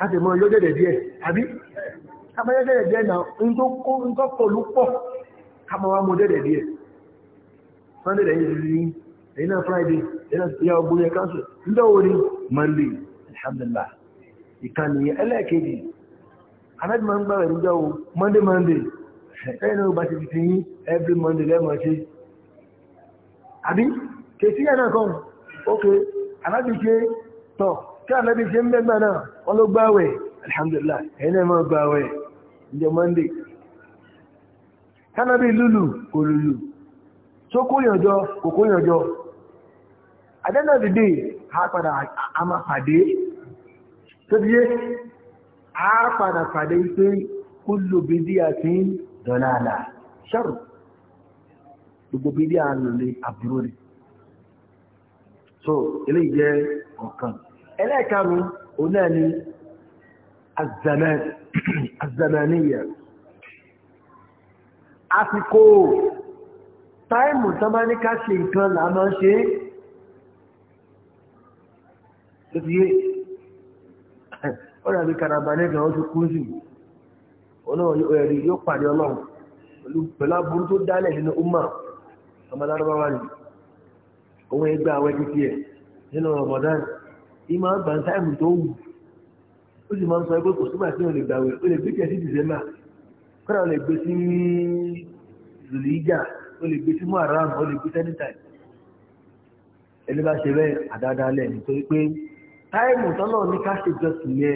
a sì mọ yọ́jẹ̀dẹ̀ díẹ̀ àbí abẹ́yẹ́dẹ̀dẹ̀ díẹ̀ náà ń tó kó ń tó pọ̀ ló pọ̀ ká máa wá mọ dẹ̀dẹ̀ díẹ̀ sunday lẹ́yìn ti ẹ̀yìn náà friday ẹ̀yìn náà ìyá ọgbọ́n yẹn káńsù ńdọ́ wo monday alhamdulillah ìkànnì ẹlẹ́ẹ̀kejì anájú máa ń gbà rẹ̀ níjọ́ wo monday monday ẹ̀yìn náà bá ti ti yín every monday lẹ́mọ̀ ṣe àbí kèsì yẹn náà kàn ókè anájú ṣe tọ̀ kí ànábì ṣe ń mẹ́gbà náà wọ́n ló gbáwẹ̀ alhamdulillah ẹ̀yìn ẹ̀mọ́ gbáwẹ̀ ìjọ monday kánábì lùlù kò lùlù tó kóyànjọ kò kóyànjọ àdẹ́nà dìde a padà a máa pàdé tó bí a padà pàdé pé kullu bidi'atin dalalah sharr gbogbo bídí àlùlé àbúrò rẹ̀ so ọ̀kan ẹlẹ́ẹ̀karùn-ún òun náà ni azamaniya àsìkò táìmù tánbáníká ṣe nǹkan là máa ṣe tó ti yé ọ̀rọ̀ àbí karabanẹ́ gan ó ti kú sí ẹ̀rí yóò pàdé ọlọ́run pẹ̀lú aburú tó dálẹ̀ nínú umma ọmọdé arábáwá ni òun ẹgbẹ́ àwẹ́ títí ẹ̀ nínú Ramadan ìmọ̀ àgbà ń táìmù tó wù ó sì máa ń sọ pé kò sígbà tí wọn lè gbàwé ó lè gbé jẹ sí dìsẹ́mbà kọ́nà ó lè gbé sí zùlíjà ó lè gbé sí muharam ó lè gbé sẹ́nitàì ẹni bá ṣe bẹ́ẹ̀ àdáadáa lẹ́nu torí pé táìmù tọ́lọ̀ ní ká jọ sí yẹ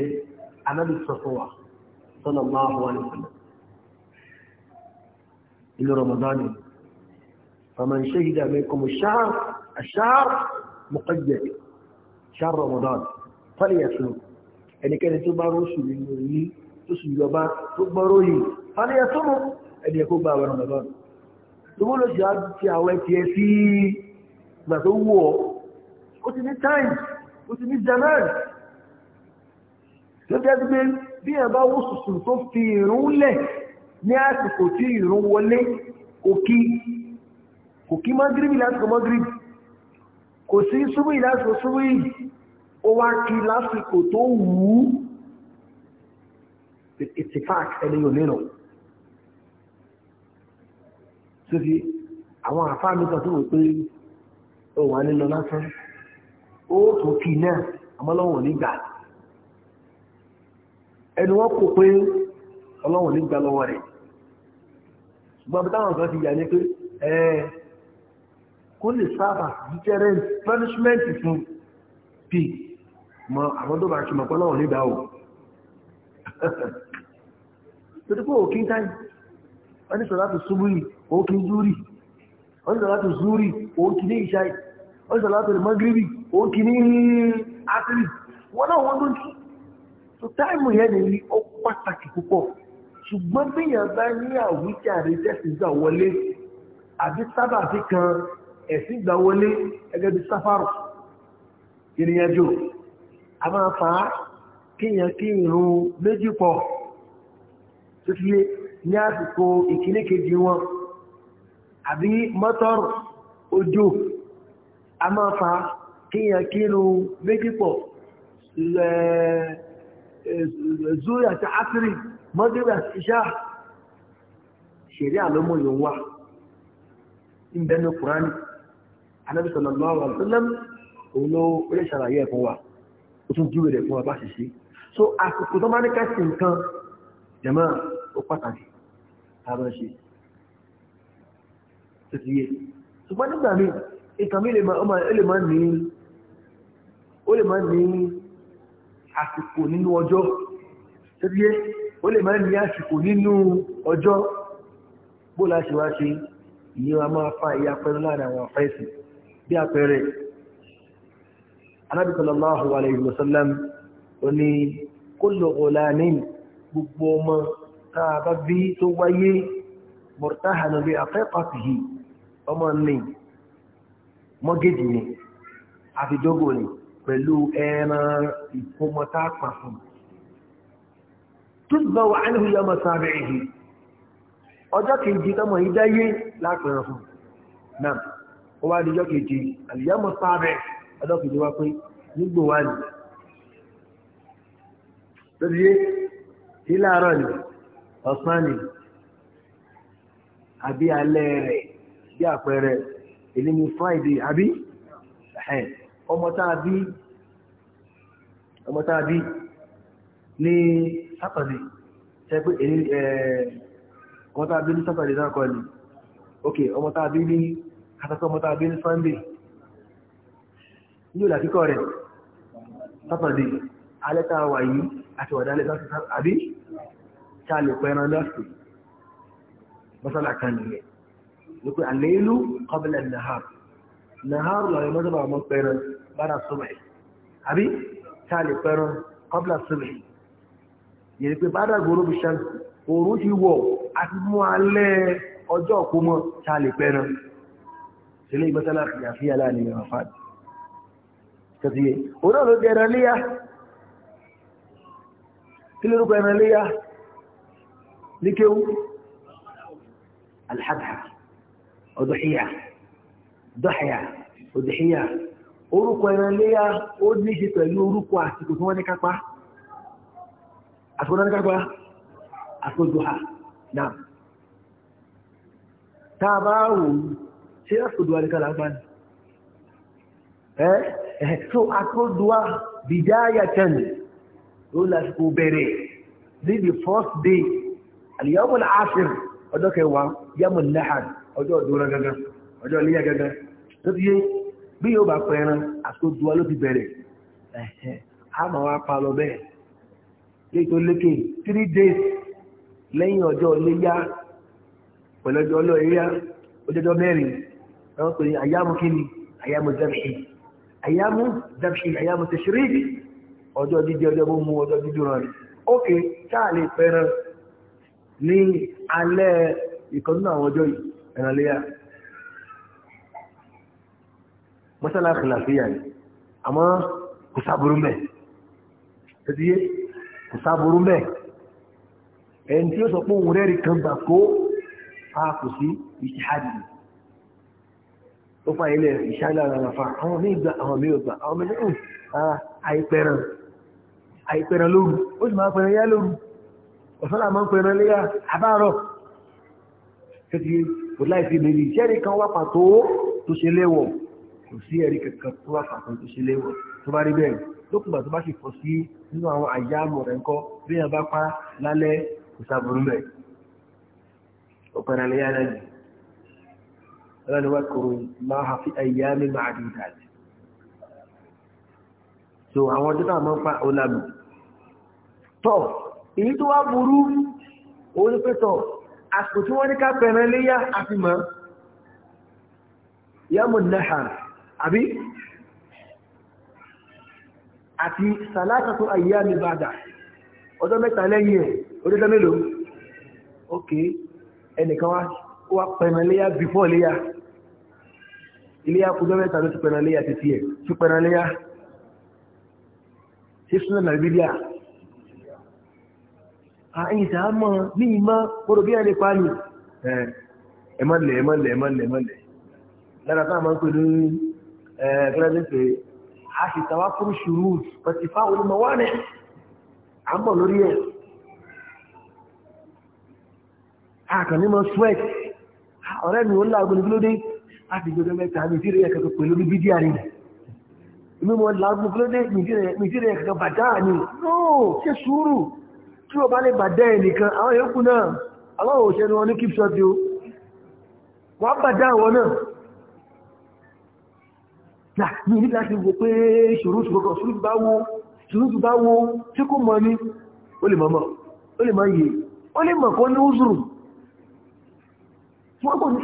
anábì sọ wa sọ́nà máa wà ní ìpínlẹ̀ ilé rọmọdánì ọmọ ìṣe yìí dàbí kọmọ ṣáà àṣáà mọ́kànjẹ́ ṣáà Ramadan fàlẹ́yẹ̀sùn ẹnikẹ́ni tó bá rọ́ṣù nínú yìí tó sì yọba tó gbọ́rọ̀ yìí fàlẹ́yẹ̀sùn ẹni ẹ̀kọ́ gba àwọn Ramadan lówó ló ṣe ti àwọn ẹtì ẹ sí ìgbà tó wù ọ́ ó ti ní time ó ti ní zaman tó jẹ́ kò sí súbú ìlàsìkò súbú yìí ó wá kí lásìkò tó wù ú ìtìfàk ẹni yóò nínú sófi àwọn àfáà mi kan tó wò pé ó wà nínú lásán ó tó kì náà àmọ́ lọ́wọ́ nígbà ẹni wọ́n kò pé ọlọ́wọ́ nígbà lọ́wọ́ rẹ̀ ṣùgbọ́n bí táwọn kan ti yà ní pé ẹ̀ẹ́ kó lè sábà deterrent punishment fún bí mọ àwọn tó bá ṣe mọ̀ pọ́lọ́ òní dá o torí pé òkín táyì wọ́n ní sọ̀rọ̀ láti ṣubú yìí òkín zúrì wọ́n ní sọ̀rọ̀ láti zúrì òkín ní ìṣáì wọ́n ní sọ̀rọ̀ láti mọ́gírìbì òkín ní átìrì wọ́n náà wọ́n lójú so táìmù yẹn ni ó pàtàkì púpọ̀ ṣùgbọ́n bí yẹn bá ní àwíjàre tẹ̀sí gbà wọlé àbí sábàbí kan ẹ̀sìn gbà wọlé ẹgẹ́ bí sáfàrù ìrìnàjò a máa fa kíyàn kí ìrun méjì pọ̀ tó fi lé ní àsìkò ìkíníkejì wọn àbí mọ́tọ́rù ojú a máa fa kíyàn kí ìrun méjì pọ̀ eh, eh, zuri àti asiri mọ́gírí àti ṣeré àlọ́mọ̀ yóò wá ń kùránì anábì sallallahu alaihi wasallam òun ló lè ṣàlàyé ẹ̀fún wa ó tún júwèé so àsìkò tó máa ní kẹ́sì nǹkan jẹ̀mọ́ ó pàtàkì tá a máa ṣe tó ti yé ṣùgbọ́n nígbà míì nǹkan mi lè máa ní ó lè máa ní àsìkò nínú ọjọ́ tó ti yé ó lè máa ní àsìkò nínú ọjọ́ bó la wá ṣe ìyẹn máa fa ìyá láàrin àwọn afẹ́sìn bí àpẹẹrẹ anábì sallallahu alayhi wa sallam ó ní kullu ghulamin gbogbo ọmọ tá a bá bí tó wáyé murtahana bi aqiqatihi ọmọ ní mọ́gẹ́jì ni àti dógò ni pẹ̀lú ẹran ìkómọta pàfún tuzba wa ó wá díjọ́ kejì àlìyámọ̀ sáàbẹ̀ ọjọ́ kejì wá pé nígbò wá nì lórí yé sí láàárọ̀ nì ọ̀sán nì àbí alẹ́ rẹ̀ bí àpẹẹrẹ èyí ni friday àbí ọmọ tá a bí ọmọ tá a bí ní saturday tẹ́gbẹ́ èyí ọmọ tá bí ní saturday náà kọ́ ni ok ọmọ tá bí ní àtàkọ́ mọ́ta bí sunday ní òlàkíkọ́ rẹ̀ saturday alẹ́ta wà yìí àti wàdálẹ̀ àbí ṣàlẹ̀ pẹ̀ran masala mọ́sálà kan nìyẹn ní pé àlẹ́lú kọ́bílẹ̀ nahar nahar lọ́rẹ̀ mọ́sálà ọmọ pẹ̀ran bára súnmẹ̀ àbí ṣàlẹ̀ pẹ̀ran kọ́bílà súnmẹ̀ yẹ̀rì pé bára gbòòrò bí ṣan òòrùn ti wọ̀ àti sílé ìgbẹ́sẹ́lá àfíà láàrin ìrànfàdì kẹsìyẹ oná ló jẹ ẹranléyà kí lórúkọ ẹranléyà ní kéwú alhadha ọdọ̀híyà dọ́híyà ọdọ̀híyà orúkọ ẹranléyà ó ní ṣe pẹ̀lú orúkọ àsìkò tí wọ́n ní kápá àsìkò náà ní kápá àsìkò dùhà náà tá a bá wò ó ṣe rẹ́fùdùwà ní kàlàgbà ní ẹ́ so akọ́dùwà bìdáyà tẹ́lẹ̀ ló lásìkò bẹ̀rẹ̀ ní the first day aliyahun asir ọjọ́ kẹwàá yamun nahar ọjọ́ ọdúnra gangan ọjọ́ iléyà gangan tó ti yé bí yóò bá pẹran akọ́dùwà ló ti bẹ̀rẹ̀ àmà wa pa lọ bẹ́ẹ̀ létò lékè three days lẹ́yìn ọjọ́ iléyà pẹ̀lú ọjọ́ ọlọ́ iléyà ọjọ́jọ́ mẹ́rin wọ́n pè àyàmù kí ni àyàmù dẹ́bìṣì àyàmù dẹ́bìṣì àyàmù tẹ̀ṣíríkì ọjọ́ jíjẹ ọjọ́ bó mú ọjọ́ jíjọ rẹ̀ ókè táàlì pẹran ní alẹ́ ìkọ́nú àwọn ọjọ́ ìrànlẹ́yà mọ́sálà kìláfíà ni àmọ́ kò sáburú mẹ́ ẹ̀díyé ó fà ilẹ̀ ìṣáàlá ara fa àwọn ní ìgbà àwọn mí ò gbà àwọn mí ò àìpẹ̀ràn àìpẹ̀ràn lóru ó sì máa pẹ̀ràn yá lóru ọ̀sán làmọ́ pẹ̀ràn léyà àbárọ̀ tó ti kò láìsí méjì ìṣẹ́rí kan wá pàtó tó ṣe léwọ̀ kò sí ẹ̀rí kankan tó wá pàtó tó ṣe léwọ̀ tó bá rí bẹ́ẹ̀ lókùnbà tó ọlọ́run ni wẹ́kùrù máa fi ẹ̀yà mi máa di ìdájì so àwọn ọjọ́ náà máa ń fa ọlámi tọ́ èyí tó wá burú òun ni pé tọ́ àsìkò tí wọ́n ní ká pẹ̀rẹ̀ léyà àti mọ́ yàmù náà àbí àti sàlátàtò àyíyá mi bàdà ọjọ́ mẹ́ta lẹ́yìn ẹ̀ ẹnìkan wá pẹ̀rẹ̀ léyà before ilé akújọ́ mẹ́ta ló ti pẹ̀rẹ̀ léyà ti tiẹ̀ ti pẹ̀rẹ̀ léyà ṣe súnà nàìjíríà àyìn tàà mọ́ ní ìmọ́ kóró bí ẹni pa ní ẹmọ́lẹ̀ ẹmọ́lẹ̀ ẹmọ́lẹ̀ ẹmọ́lẹ̀ lára táà a sì tàwá fún ṣùrù pẹ̀tì láti gbogbo mẹ́ta mi sí rẹ̀ kẹ́kẹ́ pẹ̀lú bí bídíà ni mi mọ̀ lágùn kí ló dé mi sí rẹ̀ kẹ́kẹ́ bàdá ni nóò ṣe sùúrù tí o bá lè bàdá ẹ̀ nìkan àwọn yòókù náà àwọn òṣèlú wọn ní keep short o wọ́n bàdá wọn náà là ní ní láti wo pé ṣòro ṣòro ṣòro bá wo ṣòro bá wo tí kò mọ̀ ní ó lè mọ̀ mọ̀ ó lè mọ̀ yìí ó lè mọ̀ kọ́ ní ó zùrù wọ́n kò ní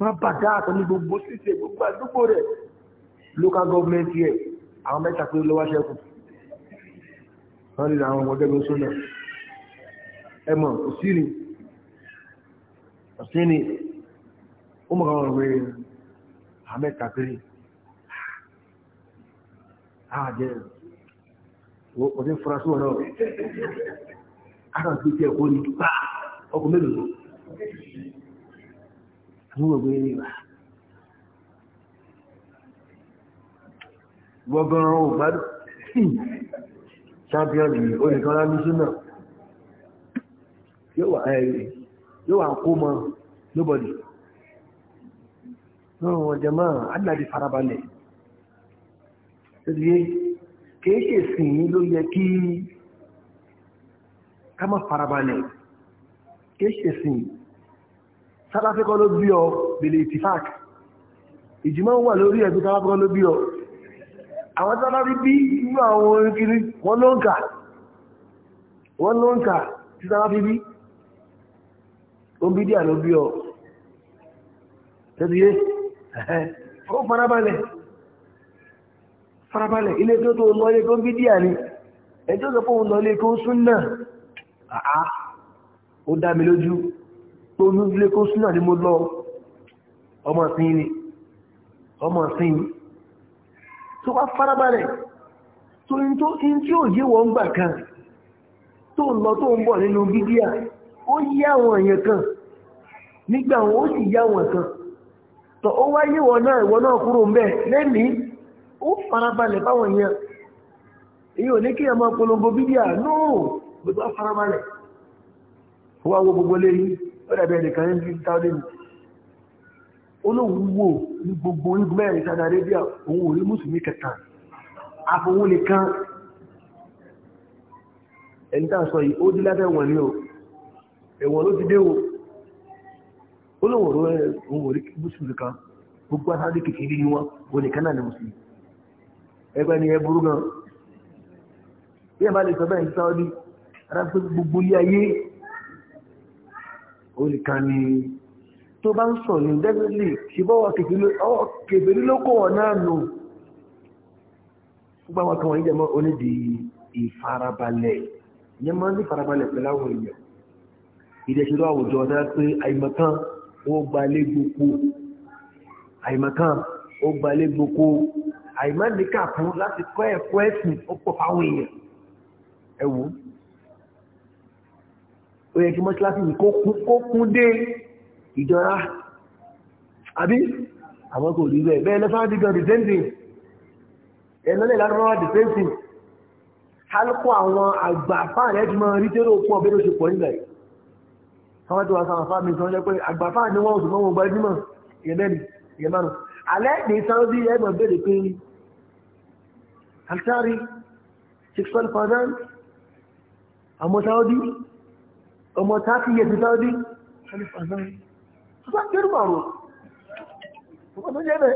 wọ́n bá dáàtọ̀ ní gbogbo síse gbogbo àdúgbò rẹ̀ local government yẹ àwọn mẹ́ta pé lọ́wọ́ ṣẹ́kù wọ́n rí àwọn ọmọdé ló sọ́nà ẹmọ̀ òsìrì òsìrì ó mọ̀ àwọn ọ̀rẹ́ àwọn mẹ́ta pé àjẹ́ ah, ah, òsì furasí wọn náà àwọn àti ìjẹ́ ń wò pé gbọ́gbọ́n ò gbádùn champion yìí olùkan lámísí náà yóò wà kó mọ nobody náà wọ́n jẹ máa aláàdì farabalẹ̀ ṣe kéèkè sìn ló yẹ kí ká má farabalẹ̀ kéèkè sìn sáláfẹ́kọ́ ló bí ọ bèèrè ìtìfàk ìjìmọ́ wà lórí ẹ̀bí sáláfẹ́kọ́ ló bí ọ àwọn sáláfẹ́ bí inú àwọn orin kiri wọ́n ló ń kà wọ́n ló ń kà tí sáláfẹ́ bí o ń bí díà ló bí ọ tẹ́bíyé ó farabalẹ̀ farabalẹ̀ ilé tó tó lọ ilé tó ń bí díà ni ẹjọ́ sọ pé òun lọ ilé tó ń sún náà àá ó dá mi lójú tó ní ilé kó súnà ní mo lọ ọmọ sín ni ọmọ sín tó wá farabalẹ̀ tó in tó in tí ó yé wọ́n gbà kan tó ń lọ tó ń bọ̀ nínú bídíà ó yí àwọn èèyàn kan nígbà wọn ó sì yá àwọn kan ó wá náà náà kúrò ń ó farabalẹ̀ báwọn èèyàn èyí ò ní kí polongo náà gbogbo farabalẹ̀ wọ́n gbogbo lẹ́yìn ó dàbí ẹnìkan ní fifty thousand olóhùn wò ní gbogbo orí mẹ́rin Saudi Arabia òun ò rí mùsùlùmí kẹta àfòun lè kan ẹni tá a sọ yìí ó dí lábẹ́ wọn ni o ẹ̀wọ̀n ló ti dé o olóhùn ọ̀rọ̀ òun ni wọn wọn nìkan náà ni mùsùlùmí ẹgbẹ́ ni ẹ bí ẹ bá lè sọ bẹ́ẹ̀ ní Saudi arábíkó gbogbo ilé ayé oríkan ni tó bá ń sọ ní definitely ṣe bọ́wọ́ kèfèrí lókò náà nù gbogbo àwọn kan wọ́n jẹ́ mọ́ onídi ìfarabalẹ̀ ìyẹn máa ń ní ìfarabalẹ̀ pẹ̀lú àwọn èèyàn ìdẹ̀ṣirò àwùjọ náà pé àìmọ̀kan ó gbalé gbogbo àìmọ̀kan ó gbalé gbogbo àìmọ̀nìkà fún láti kọ́ ẹ̀kọ́ ẹ̀sìn ó pọ̀ fáwọn èèyàn ẹ̀wọ̀n ó yẹ kí mọ́síláṣí kó kún dé ìjọra àbí àwọn kò rí bẹ́ẹ̀ bẹ́ẹ̀ lọ́fà dìgan dìtẹ́ǹtì ẹ̀lọ́lẹ̀ lárọ́wà dìtẹ́ǹtì hálùkọ́ àwọn àgbà fáàrẹ́ ti máa rí tẹ́rọ òkú ọ̀bẹ́rẹ́ òṣèpọ̀ nílẹ̀ àwọn tó wà ni wọ́n oṣù mọ́wọ́n gbajúmọ̀ ìyẹ̀mẹ́rin ìyẹ̀mẹ́rin alẹ́ ní sáwọ́dí ẹgbọ̀n bẹ̀rẹ̀ pé altari 6,000 àmọ́ sáwọ́dí ọmọ tàbí yẹ̀ dídáwọ́dí Khalifa Zawi tó bá jẹ́rù màrùn ọmọ tó jẹ́ bẹ́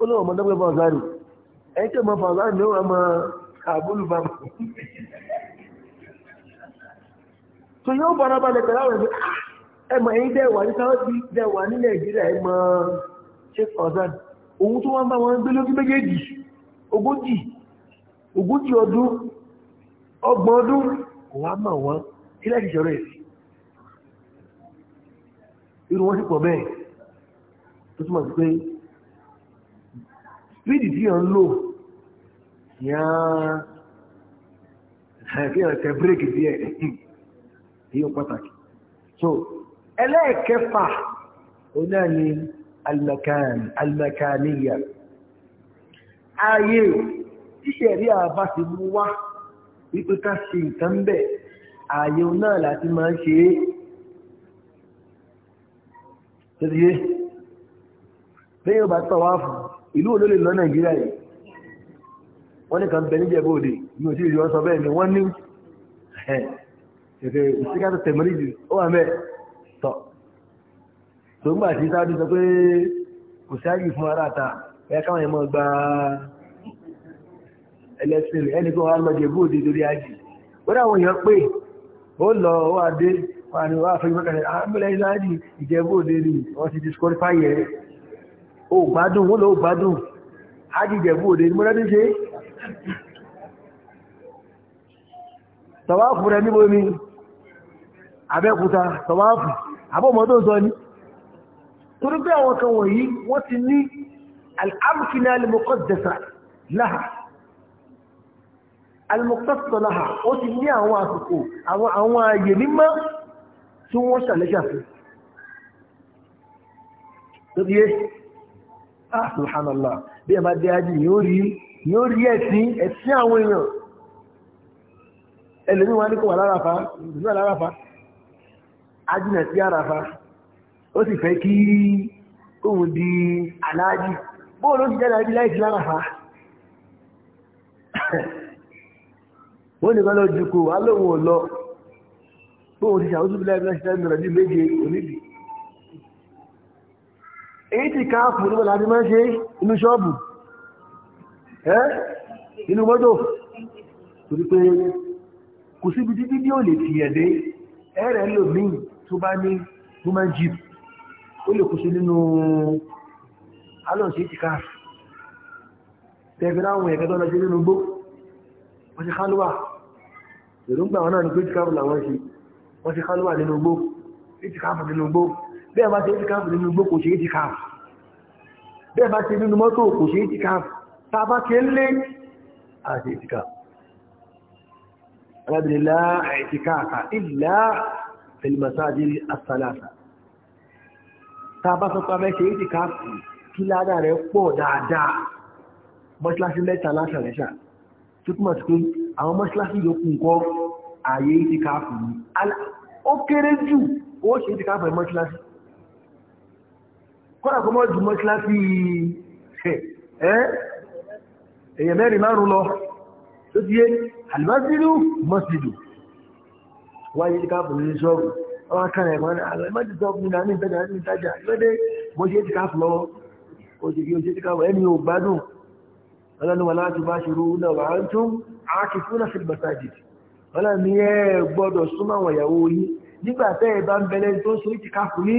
ó lọ́wọ́ ọmọ dọ́gbẹ́ Fawzani ẹ̀yìn tó mọ Fawzani ní ọmọ àbúlù bàbá tó yóò bára balẹ̀ pẹ̀lú àwọn ẹgbẹ́ ẹmọ ẹ̀yìn dẹ̀wà ní sáwọ́dí dẹ̀wà ní Nàìjíríà ẹmọ Sheikh Fawzani òun tó wá bá wọn gbé lójú méjèèjì ogójì ogójì ọdún ọgbọ̀n ọdún kò mọ̀ wọ́n kílẹ̀ ìṣòro èsì irú wọn sì pọ̀ bẹ́ẹ̀ tó túmọ̀ sí pé spídì tí yàn ń lò yàn kí yàn tẹ bírèkì díẹ̀ èyí ó pàtàkì so ẹlẹ́ẹ̀kẹfà oní àní alimakani alimakaniya ààyè tíṣẹ̀rí àbá mú wá wípé ká ṣe nǹkan bẹ́ẹ̀ ààyè náà láti máa ń ṣe é tẹ́tíyé lẹ́yìn ọba tọ́wá fún ìlú olólè lọ nàìjíríà yìí wọ́n ní kan bẹ níjẹ̀bú òde ní òtí ìlú ọsọ bẹ́ẹ̀ ni wọ́n ní ẹ̀fẹ̀ ìsíkàtà tẹ̀mọ́lìjì ó wà mẹ́ tọ̀ tó ń gbà sí sáájú sọ pé kò sáájú fún ara ta ẹ káwọn ẹ̀mọ́ gba ẹlẹ́sìn ẹni tó òde lórí ajì ó dáwọn èèyàn pé ó lọ wà dé wà ní wà fún ìgbẹ́kẹ̀lẹ̀ àmìlẹ̀ ah, ìsáàdì ìjẹ́bú òde rí wọ́n ti disqualify yẹ ó gbádùn wọ́n lọ gbádùn ájì ìjẹ́bú òde rí mọ́lẹ́dí ṣe tọ̀wáfù rẹ níbo ni Abẹ́òkúta tọ̀wáfù àbọ̀mọ́tò sọ ni alimọ̀tọ́tọ̀láhà ó ti ní àwọn àsìkò àwọn àwọn ààyè mímọ́ tí wọ́n ṣàlẹ́ṣà fún tó bí yé àṣùlhánàlá ah, bí ẹ bá dé ajé yóò rí ẹ̀sìn ẹ̀sìn àwọn èèyàn ẹlẹ́ni wọn ní kò wà lárafa ìdúnà lárafa ajínà sí àrafa ó sì fẹ́ kí kóhun di aláàjì bóòlù ó ti jáde wọ́n nìkan lọ jùkú alóhun ọ̀lọ́ bóhun ti ṣàwọ́sù bílá ìbílá ṣiṣẹ́ ìrìnà bí méje oníbi èyí ti káàpù nígbà láti máa ṣe inú ṣọ́ọ̀bù ẹ́ inú mọ́tò torí pé kò síbi tí dídí lè fi ẹ̀dẹ́ ẹ̀rẹ̀ lò míì tó bá ní human jeep ó lè kó sí nínú alọ́ọ̀sì ti káàpù tẹ̀gbẹ́ ẹ̀kẹ́ tó lọ sí nínú gbó wọ́n ti kálúwà èròǹgbà wọn náà ni pé ìtìkáàfù làwọn ṣe wọ́n ṣe kálúwà nínú igbó ìtìkáàfù nínú igbó bí ẹ bá ṣe ìtìkáàfù nínú igbó kò ṣe ìtìkáàfù bí ẹ bá ṣe nínú mọ́tò kò ṣe ìtìkáàfù tá a bá ṣe ń lé àti ìtìkáàfù alábìnrin láà ìtìkáàfà ìlà tó túnmọ̀ sí pé àwọn mọ́ṣíláṣí yóò kún kọ́ ààyè ìdí káàkù ní ó kéré jù ó ṣe ìdí káàkù mọ́ṣíláṣí kọ́nà kọ́ mọ́ ju mọ́ṣíláṣí ẹ̀yẹ̀ mẹ́rin márùn lọ tó ti yé alìbásílù mọ́sílù wáyé ìdí káàkù ní ṣọ́ọ̀bù ọmọ akẹ́rẹ̀ ẹ̀mọ́ni àwọn ẹmọ́dé ṣọ́ọ̀bù ní ìdájà ìdájà ìwọ́dé mọ́ ṣe ìdí káàkù lọ ọlọ́ni wà láti bá ṣe rúrú náà wà á ń tún ákì fún náà fi masajid ọlọ́ni ẹ gbọ́dọ̀ súnmọ́ àwọn ìyàwó yìí nígbà tẹ́ ẹ bá ń bẹ̀rẹ̀ tó ń ṣe ìtì káfù ní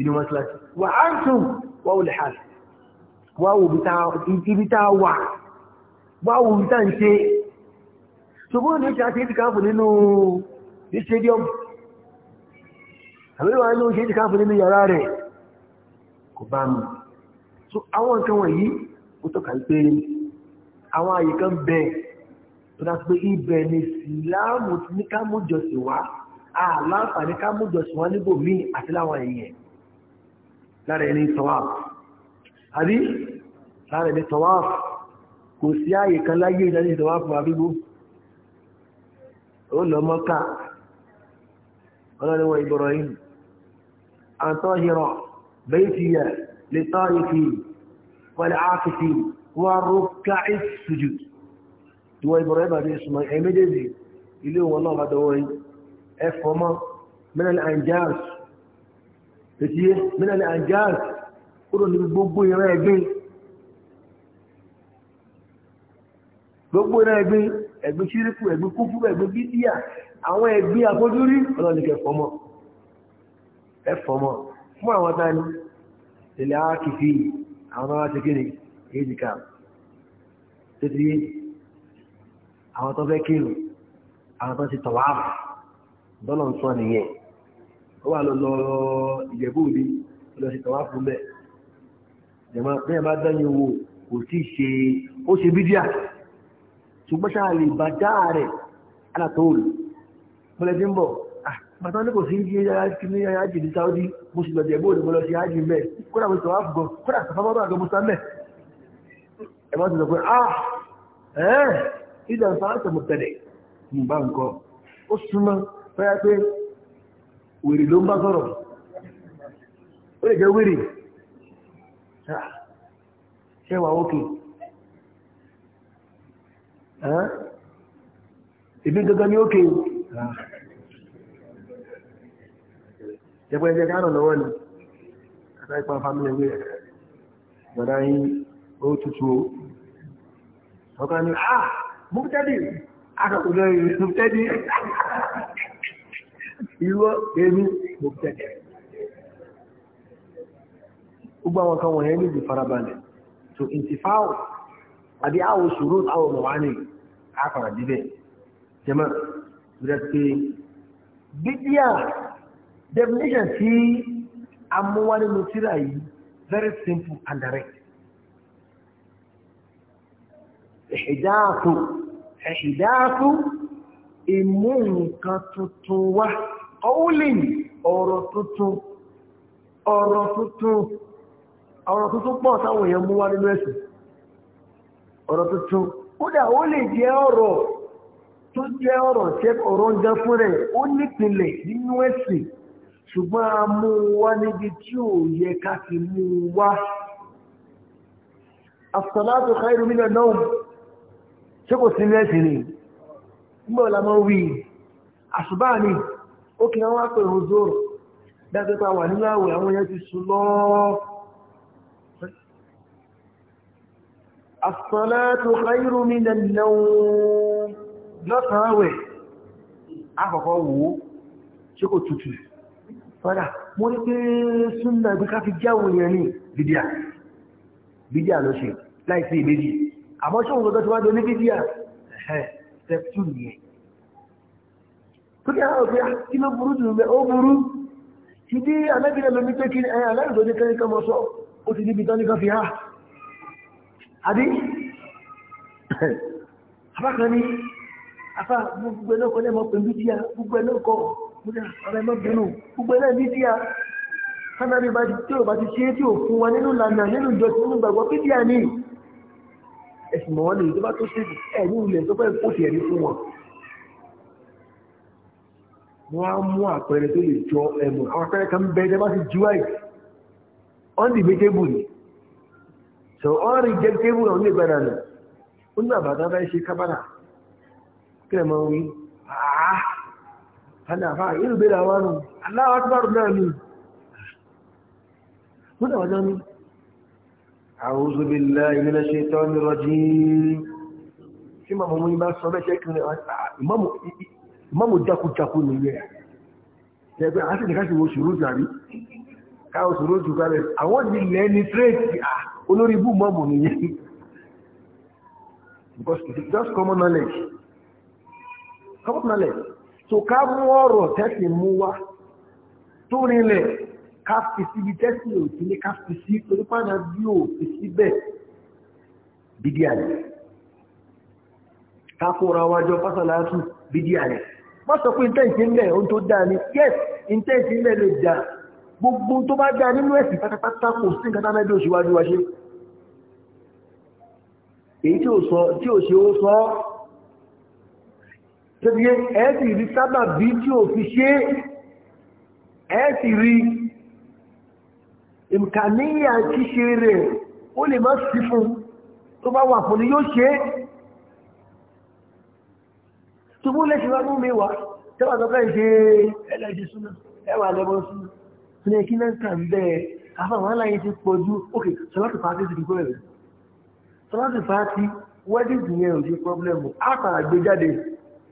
inú mọ́sálásí wà á ń tún wà ó lè hà wà ó ibi tá wà wà ibi tá ń ṣe ṣùgbọ́n ní ṣe àti ìtì nínú ní stadium àwọn nǹkan wọ̀nyí ó tọ́ka pé àwọn àyè kan bẹ̀ tó dá pé ibẹ̀ ni ìsìláàmù ní ká mú jọsìn wá àláǹfààní ká mú jọsìn wá níbò míì àti láwọn èèyàn lára ẹni tọ́wáàfù àbí lára ẹni tọ́wáàfù kò sí àyè kan láyé ìdájí tọ́wáàfù àbíbú ó lọ mọ́ká ọlọ́rẹ́wọ̀ Ibrahim àtọ́hìrọ̀ bẹ́ẹ̀ ti yẹ lè tọ́ والعاكفين والركع السجود ìwọ Ibrahim àti Ismail ẹ̀mẹ́dẹ̀dẹ̀ ilé wọn náà lọ́dọ̀wọ́ yìí ẹ̀fọ́mọ́ mẹ́lẹ̀lẹ̀ anjáàs tẹ̀tí yé mẹ́lẹ̀lẹ̀ anjáàs kúrò níbi gbogbo ìran ẹ̀gbin gbogbo ìran ẹ̀gbin ẹ̀gbin ṣíríkù ẹ̀gbin kúfúrú ẹ̀gbin bídíà àwọn ẹ̀gbin àfojúrí ọlọ́nìkẹ́ ẹ̀fọ́mọ́ ẹ̀fọ́mọ́ fún àwọn tani ilẹ̀ àkìfì yìí àwọn máa ṣe kíni èjì ká tó ti yé àwọn tó fẹ́ kírun àwọn tó ti tọ̀wá bọ́lọ̀ ń sọ nìyẹn ó wà lọ lọ ìjẹ̀bú òde lọ sí tọ̀wá fún bẹ́ẹ̀ jẹ̀mọ́ bẹ́ẹ̀ bá dẹ́yìn wo kò sí ṣe ó ṣe bídíà ṣùgbọ́n ṣáà lè bá dáa rẹ̀ alátòòlù mọ́lẹ́dínbọ̀ Ah, bàtà ní kò sí ní ayájì ní Saudi mo sì lọ́jẹ̀ bóòdù mo lọ sí ayájì mẹ́ kódà mo sọ áfùgọ́ kódà sọ fábọ́dọ̀ àgọ́ musa mẹ́ ẹ̀mọ́ ti sọ ah ẹ́ẹ̀ ìdàn sáàtọ̀ mo tẹ̀lẹ̀ mo bá nǹkan ó súnmọ́ fẹ́yà pé wèrè ló ń bá sọ̀rọ̀ ó lè jẹ́ wèrè ah, ṣẹ́wà ókè èmi gangan ní jẹ́pẹ́ jẹ́ káàrọ̀ lọ́wọ́ ni kàtà ipa fámílì ẹgbẹ́ gbọ́dá yín ó tutù ó ọkà ni ah múkútẹ́dì akọ̀kọ̀lọ́ múkútẹ́dì ìwọ èmi múkútẹ́dì gbogbo àwọn kan wọ̀nyẹn níbi farabalẹ̀ tó ìtìfáwọ̀ àbí àwọn ṣòro àwọn ọmọ wa ní àkàrà díbẹ̀ jẹ́mọ́ ìrẹ́pẹ́ bíbíà definition tí a mú wá yìí very simple and direct ìdáàtú ìdáàtú ìmú nǹkan tuntun wá ọ̀wùlìn ọ̀rọ̀ tuntun ọ̀rọ̀ tuntun ọrọ tuntun pọ̀ sáwọn èèyàn mú wá nínú tuntun kódà ó lè jẹ́ ọ̀rọ̀ tó ń fún ó nínú ṣùgbọ́n a mú wá níbi tí ò yẹ ká ti mú wá as-salatu khairu min an-nawm ṣe kò sí lẹ́sìn ni mọ́ lámọ́ wí àṣùbá ni ó kí wọ́n wá pè ń zó wà nínú àwọn yẹn ti sùn lọ as-salatu khairu padà mo ní pé súnà ibi ká fi jáwò yẹn ní bídíà bídíà ló ṣe láìsí ìbejì àmọ́ ṣóhun gbogbo tí wọ́n dé ní bídíà step two nìyẹn tó kí àwọn òfin kí ló burú jù mẹ́ ó burú ti dé alábìlẹ̀ lómi pé kí ẹ aláìsọ ní kẹ́rin kan mọ́ sọ ó ti níbi tán ní kan fi há àbí abákan ní afá gbogbo ẹlọ́kọ lẹ́mọ̀ pẹ̀lú bídíà gbogbo ẹlọ́kọ̀ọ́ ọ̀rẹ́ mọ́bìnú gbogbo ẹ̀rẹ́ bí díà kánábí bá tí ò bá ti ṣe tí ò fún wa nínú lànà nínú ìjọ tí ó ń gbàgbọ́ bí díà ní ẹ̀sìn mọ̀ wọ́n lè tó bá tó ṣe ẹ̀ ní ilẹ̀ tó fẹ́ kó tiẹ̀ rí fún wọn. wọ́n á mú àpẹẹrẹ tó lè jọ ẹ̀mọ̀ àwọn àpẹẹrẹ kan bẹ ẹ̀ bá ti ju àì ọ́n dì méjèèbù ni so ọ́n rí jẹ́ tébù náà ó lè gbàdánù ó ní àbàdàn bá ṣe kábàrà kí ẹ̀ máa wí hana fa irin bai da wani Allah wa ta faru da ni muna wajen ni أعوذ بالله من الشيطان الرجيم كما مو مين بس صبح شكل جاكو جاكو نية تبي عارف إنك عارف وشروط جاري káwọn sọ̀rọ̀ jù kálẹ̀ àwọn ilẹ̀ ní tírèkì olórí ibú mọ́mù nìyẹn because it just common knowledge common knowledge so ká mú ọ̀rọ̀ tẹ́sì mú wá tó rinlẹ̀ ká fi síbi tẹ́sì òtí ní ká fi sí onípàdà bí ò fi síbẹ̀ bídí àlẹ́ ká kóra wájọ fásàlásù bídí àlẹ́ má sọ pé ìtẹ́ǹtì ńlẹ̀ ohun tó dáa ni yes ìtẹ́ǹtì ńlẹ̀ lè dáa gbogbo tó bá dáa nínú ẹ̀sìn pátápátá kò sí nǹkan tánà bí òṣìwájú wa èyí tí ó sọ tẹ́bí ẹ̀ẹ́sì rí sábà bí tí ò fi ṣe ẹ̀ẹ́sì rí ìmkàníyà ṣíṣe rẹ̀ ó lè má sí fún tó bá wà fún ní yóò ṣe tó mú lẹ́ṣin wá mú mi wá tẹ́wà tọ́ka ìṣe ẹlẹ́ṣin súná ẹwà lẹ́bọn súná tó ní kí náà kà ń bẹ́ ẹ afáwọn aláyé ti pọ̀ ju òkè sọlátì pàtí ti dìgbò rẹ̀ sọlátì pàtí wẹ́dìgì yẹn ò ṣe pọ́blẹ́mù á kà àgbéjáde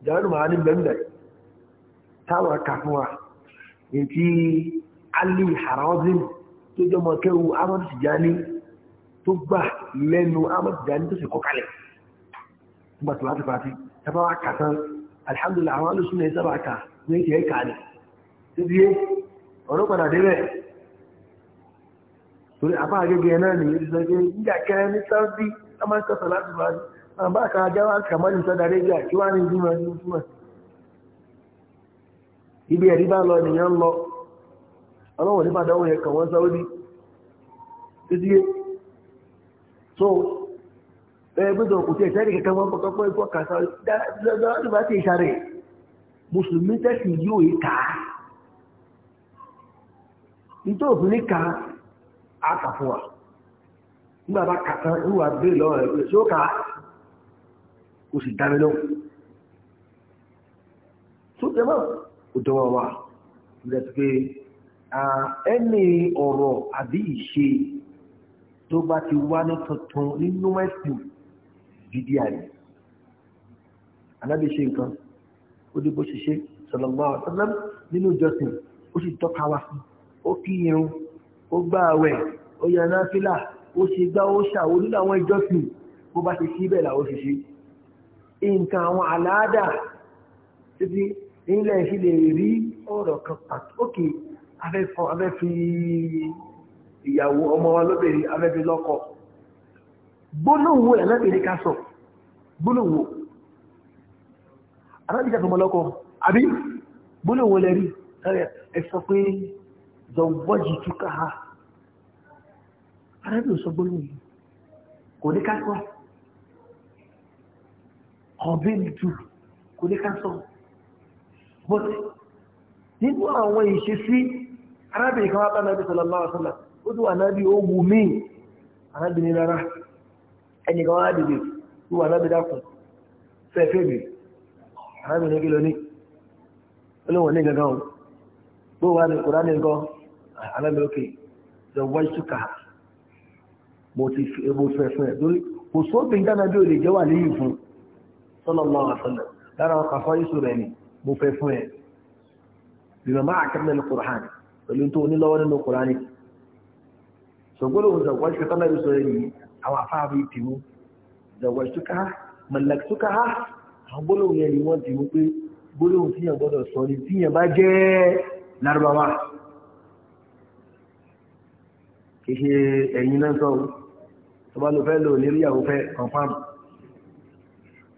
jẹ́rù máa ní bẹ̀m̀bẹ̀ táwọn ẹ̀ka fún wa ètí alì harazim tó jọmọ kẹwù amadu tijani tó gbà lẹ́nu amadu tijani tó sì kọkalẹ̀ nígbà tó láti fàtí tàbá wa kà tán alhamdulillah àwọn alùsùn náà sábà kà ní ètí ẹ̀ka ni tó bí ọ̀rọ̀ àgẹ́gẹ́ náà nìyẹn ti sọ ní sáfì ọmọ ìkọsọ̀ láti fàtí àbá ba ka kàmọ́lù sọ́dà arabia kí wàá ní ìdúmọ̀ a ìdúmọ̀ ibi ẹ̀rí bá lọ lọ ọlọ́wọ̀n nípa dánwò yẹn kàn wọ́n sáwọ́dí títí yé so ẹgbẹ́dọ̀ kò tí ẹ̀ sẹ́rì kankan wọ́n kọ́kọ́ pẹ́ kọ́ kàṣà dáadáa nígbà tí ìṣàrẹ̀ mùsùlùmí ó sì dámi lọ tó jẹ́ máa ó dọ́wọ́ wa nígbà tó pé ẹni ọ̀rọ̀ àbí ìṣe tó bá ti wá ní tuntun nínú ẹ̀sìn gidi àyè anábì ṣe nǹkan ó dé bó ṣe ṣe sallallahu alaihi wasallam nínú ìjọsìn ó sì tọ́ka wa sí ó kí irun ó gbá àwẹ̀ ó yẹ náà fílà ó ṣe gbá ó ṣàwó nínú àwọn ìjọsìn bó bá ṣe sí bẹ́ẹ̀ làwọn ṣe ṣe nǹkan àwọn àláàdà títí ilẹ̀ ṣe lè rí ọ̀rọ̀ kan pàtó òkè afẹ́fí ìyàwó ọmọ wa lóbìnrin afẹ́fí lọ́kọ̀ gbólóhùn ẹ̀ lẹ́bìnrin ká sọ gbólóhùn alábìjà tó mọ lọ́kọ̀ àbí gbólóhùn lẹ́rí ẹ sọ pé zọ̀wọ́jì túká ha arábìnrin sọ gbólóhùn kò ní ká sọ kọ̀bílì tù kò ní ká sọ but nínú àwọn ìṣesí arábìnrin kan wá bá nàbí sallallahu alaihi wasallam ó dùn ànábì ó wù mí ànábì ní rárá ẹnì kan wá dìde ó wà ànábì dákun fẹ́ẹ̀fẹ́ mi ànábì ní kí lọ ní olóhùn ní gangan o bó wà ní kùránì nǹkan ànábì ókè the white sugar mo ti fẹ́ fún ẹ̀ lórí kò sóbìn dáná bí ó lè jẹ́ wà lẹ́yìn fún sallallahu alaihi wasallam lára ọkà fọ́ yíṣù rẹ̀ ni mo fẹ́ fún ẹ bima ma'aka min al-Qur'an pẹ̀lú tó onílọ́wọ́ nínú Qur'an sọgbọ́lọ́wọ́ zọ̀wọ́ṣù tọ́lá yóò sọ̀rọ̀ yìí àwọn afáàbí tìmú zọ̀wọ́ṣù ká mọ̀lẹ́kṣù ká àwọn gbọ́lọ́wọ́ yẹn ni wọ́n tìmú pé gbọ́lọ́wọ́ tíyàn gbọ́dọ̀ sọ ni tíyàn bá jẹ́ lárúbáwá kìí ṣe ẹ̀yin náà sọ lò nírí ìyàwó fẹ́ confam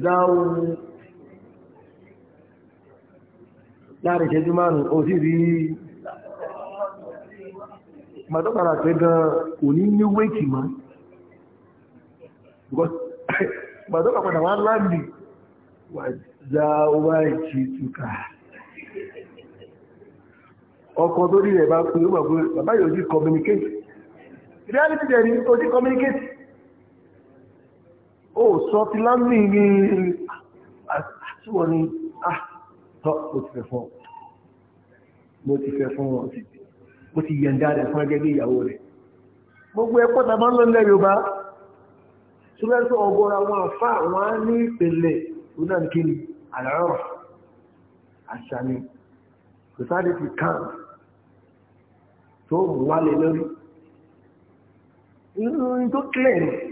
láwọn láàrin ìṣẹ́jú márùn-ún ó sì rí màtọ́kàrà pé gan kò ní ní wéèkì mọ́ màtọ́kà padà wá láàrin wà já wá ìjì túkà ọkọ̀ tó rí rẹ̀ bá pín ó gbàgbé bàbá yóò sí communicate reality jẹ́ ní ó sí communicate ó sọ ti lámì ní àtúwọ̀ ni àtọ́ ah, mo ti fẹ́ fún ọ mo ti fẹ́ fún ọ mo ti yẹ̀ǹda rẹ̀ fún ẹgẹ́ bí ìyàwó rẹ̀ gbogbo ẹ̀kọ́ ta máa ń lọ nílẹ̀ Yorùbá ṣùgbọ́n ọgọ́ra àwọn àfá àwọn ní ìpìlẹ̀ onáàkiri àlọ́rọ̀ àṣàmì kò sáré ti kàn tó wálé lórí irun tó kílẹ̀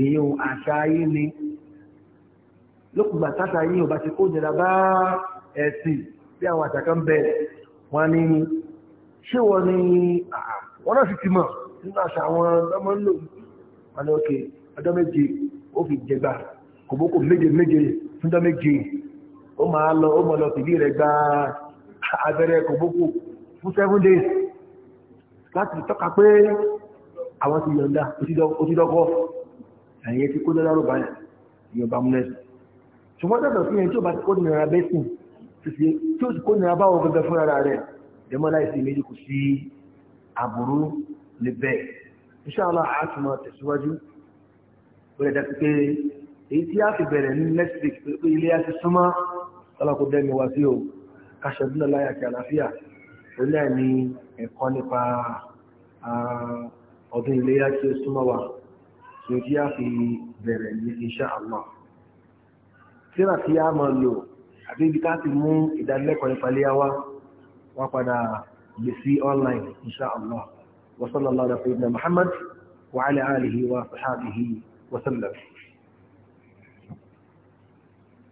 èèyàn àṣà ayé ni lókùgbà táṣà ayé ò bá ti kó jẹra bá ẹ̀sìn bí àwọn àtàkà ń bẹ wọn ni ṣé wọn ni wọn náà sì ti mọ̀ nínú àṣà àwọn ọmọ ń lò wọn ni òkè ọjọ́ méje ó fi jẹgbà kòbókò méje méje fúnjọ́ méje ó máa lọ ó mọ̀ lọ tìlí rẹ̀ gba abẹ́rẹ́ kòbókò fún seven days láti tọ́ka pé àwọn ti yọ̀ǹda òtídọ́kọ́ ẹ̀yẹ ti kó dọ́lárò báyà ìyọba múlẹ̀sì ṣùgbọ́n tàbí fi hàn tí ó bá ti kó nira bẹ́sìn tí ó sì kó nira báwọn gẹ́gẹ́ fún ara rẹ̀ dẹ́mọ́ láìsí méjì kò sí àbúrú lè bẹ́ẹ̀ inṣàlá àtúmọ̀ tẹ̀síwájú ó lè dájú pé èyí tí a fi bẹ̀rẹ̀ ní next week pé ilé a ti súnmọ́ ọlọ́kùn dẹ́mi wá sí o kàṣẹ́dúnlẹ̀ láyà àti àlàáfíà ó ní ẹ̀kọ́ nípa ah, ọdún iléyá tí ó súnmọ́ wa tí ó tí a fi bẹ̀rẹ̀ ní insha Allah síra tí a máa lò àti ibi ká ti mú ìdánilẹ́kọ̀ọ́ ìpàlẹ́yàwá wọ́n padà lè sí online insha Allah wa sallallahu ala sayyidina Muhammad wa ala alihi wa sahbihi wa sallam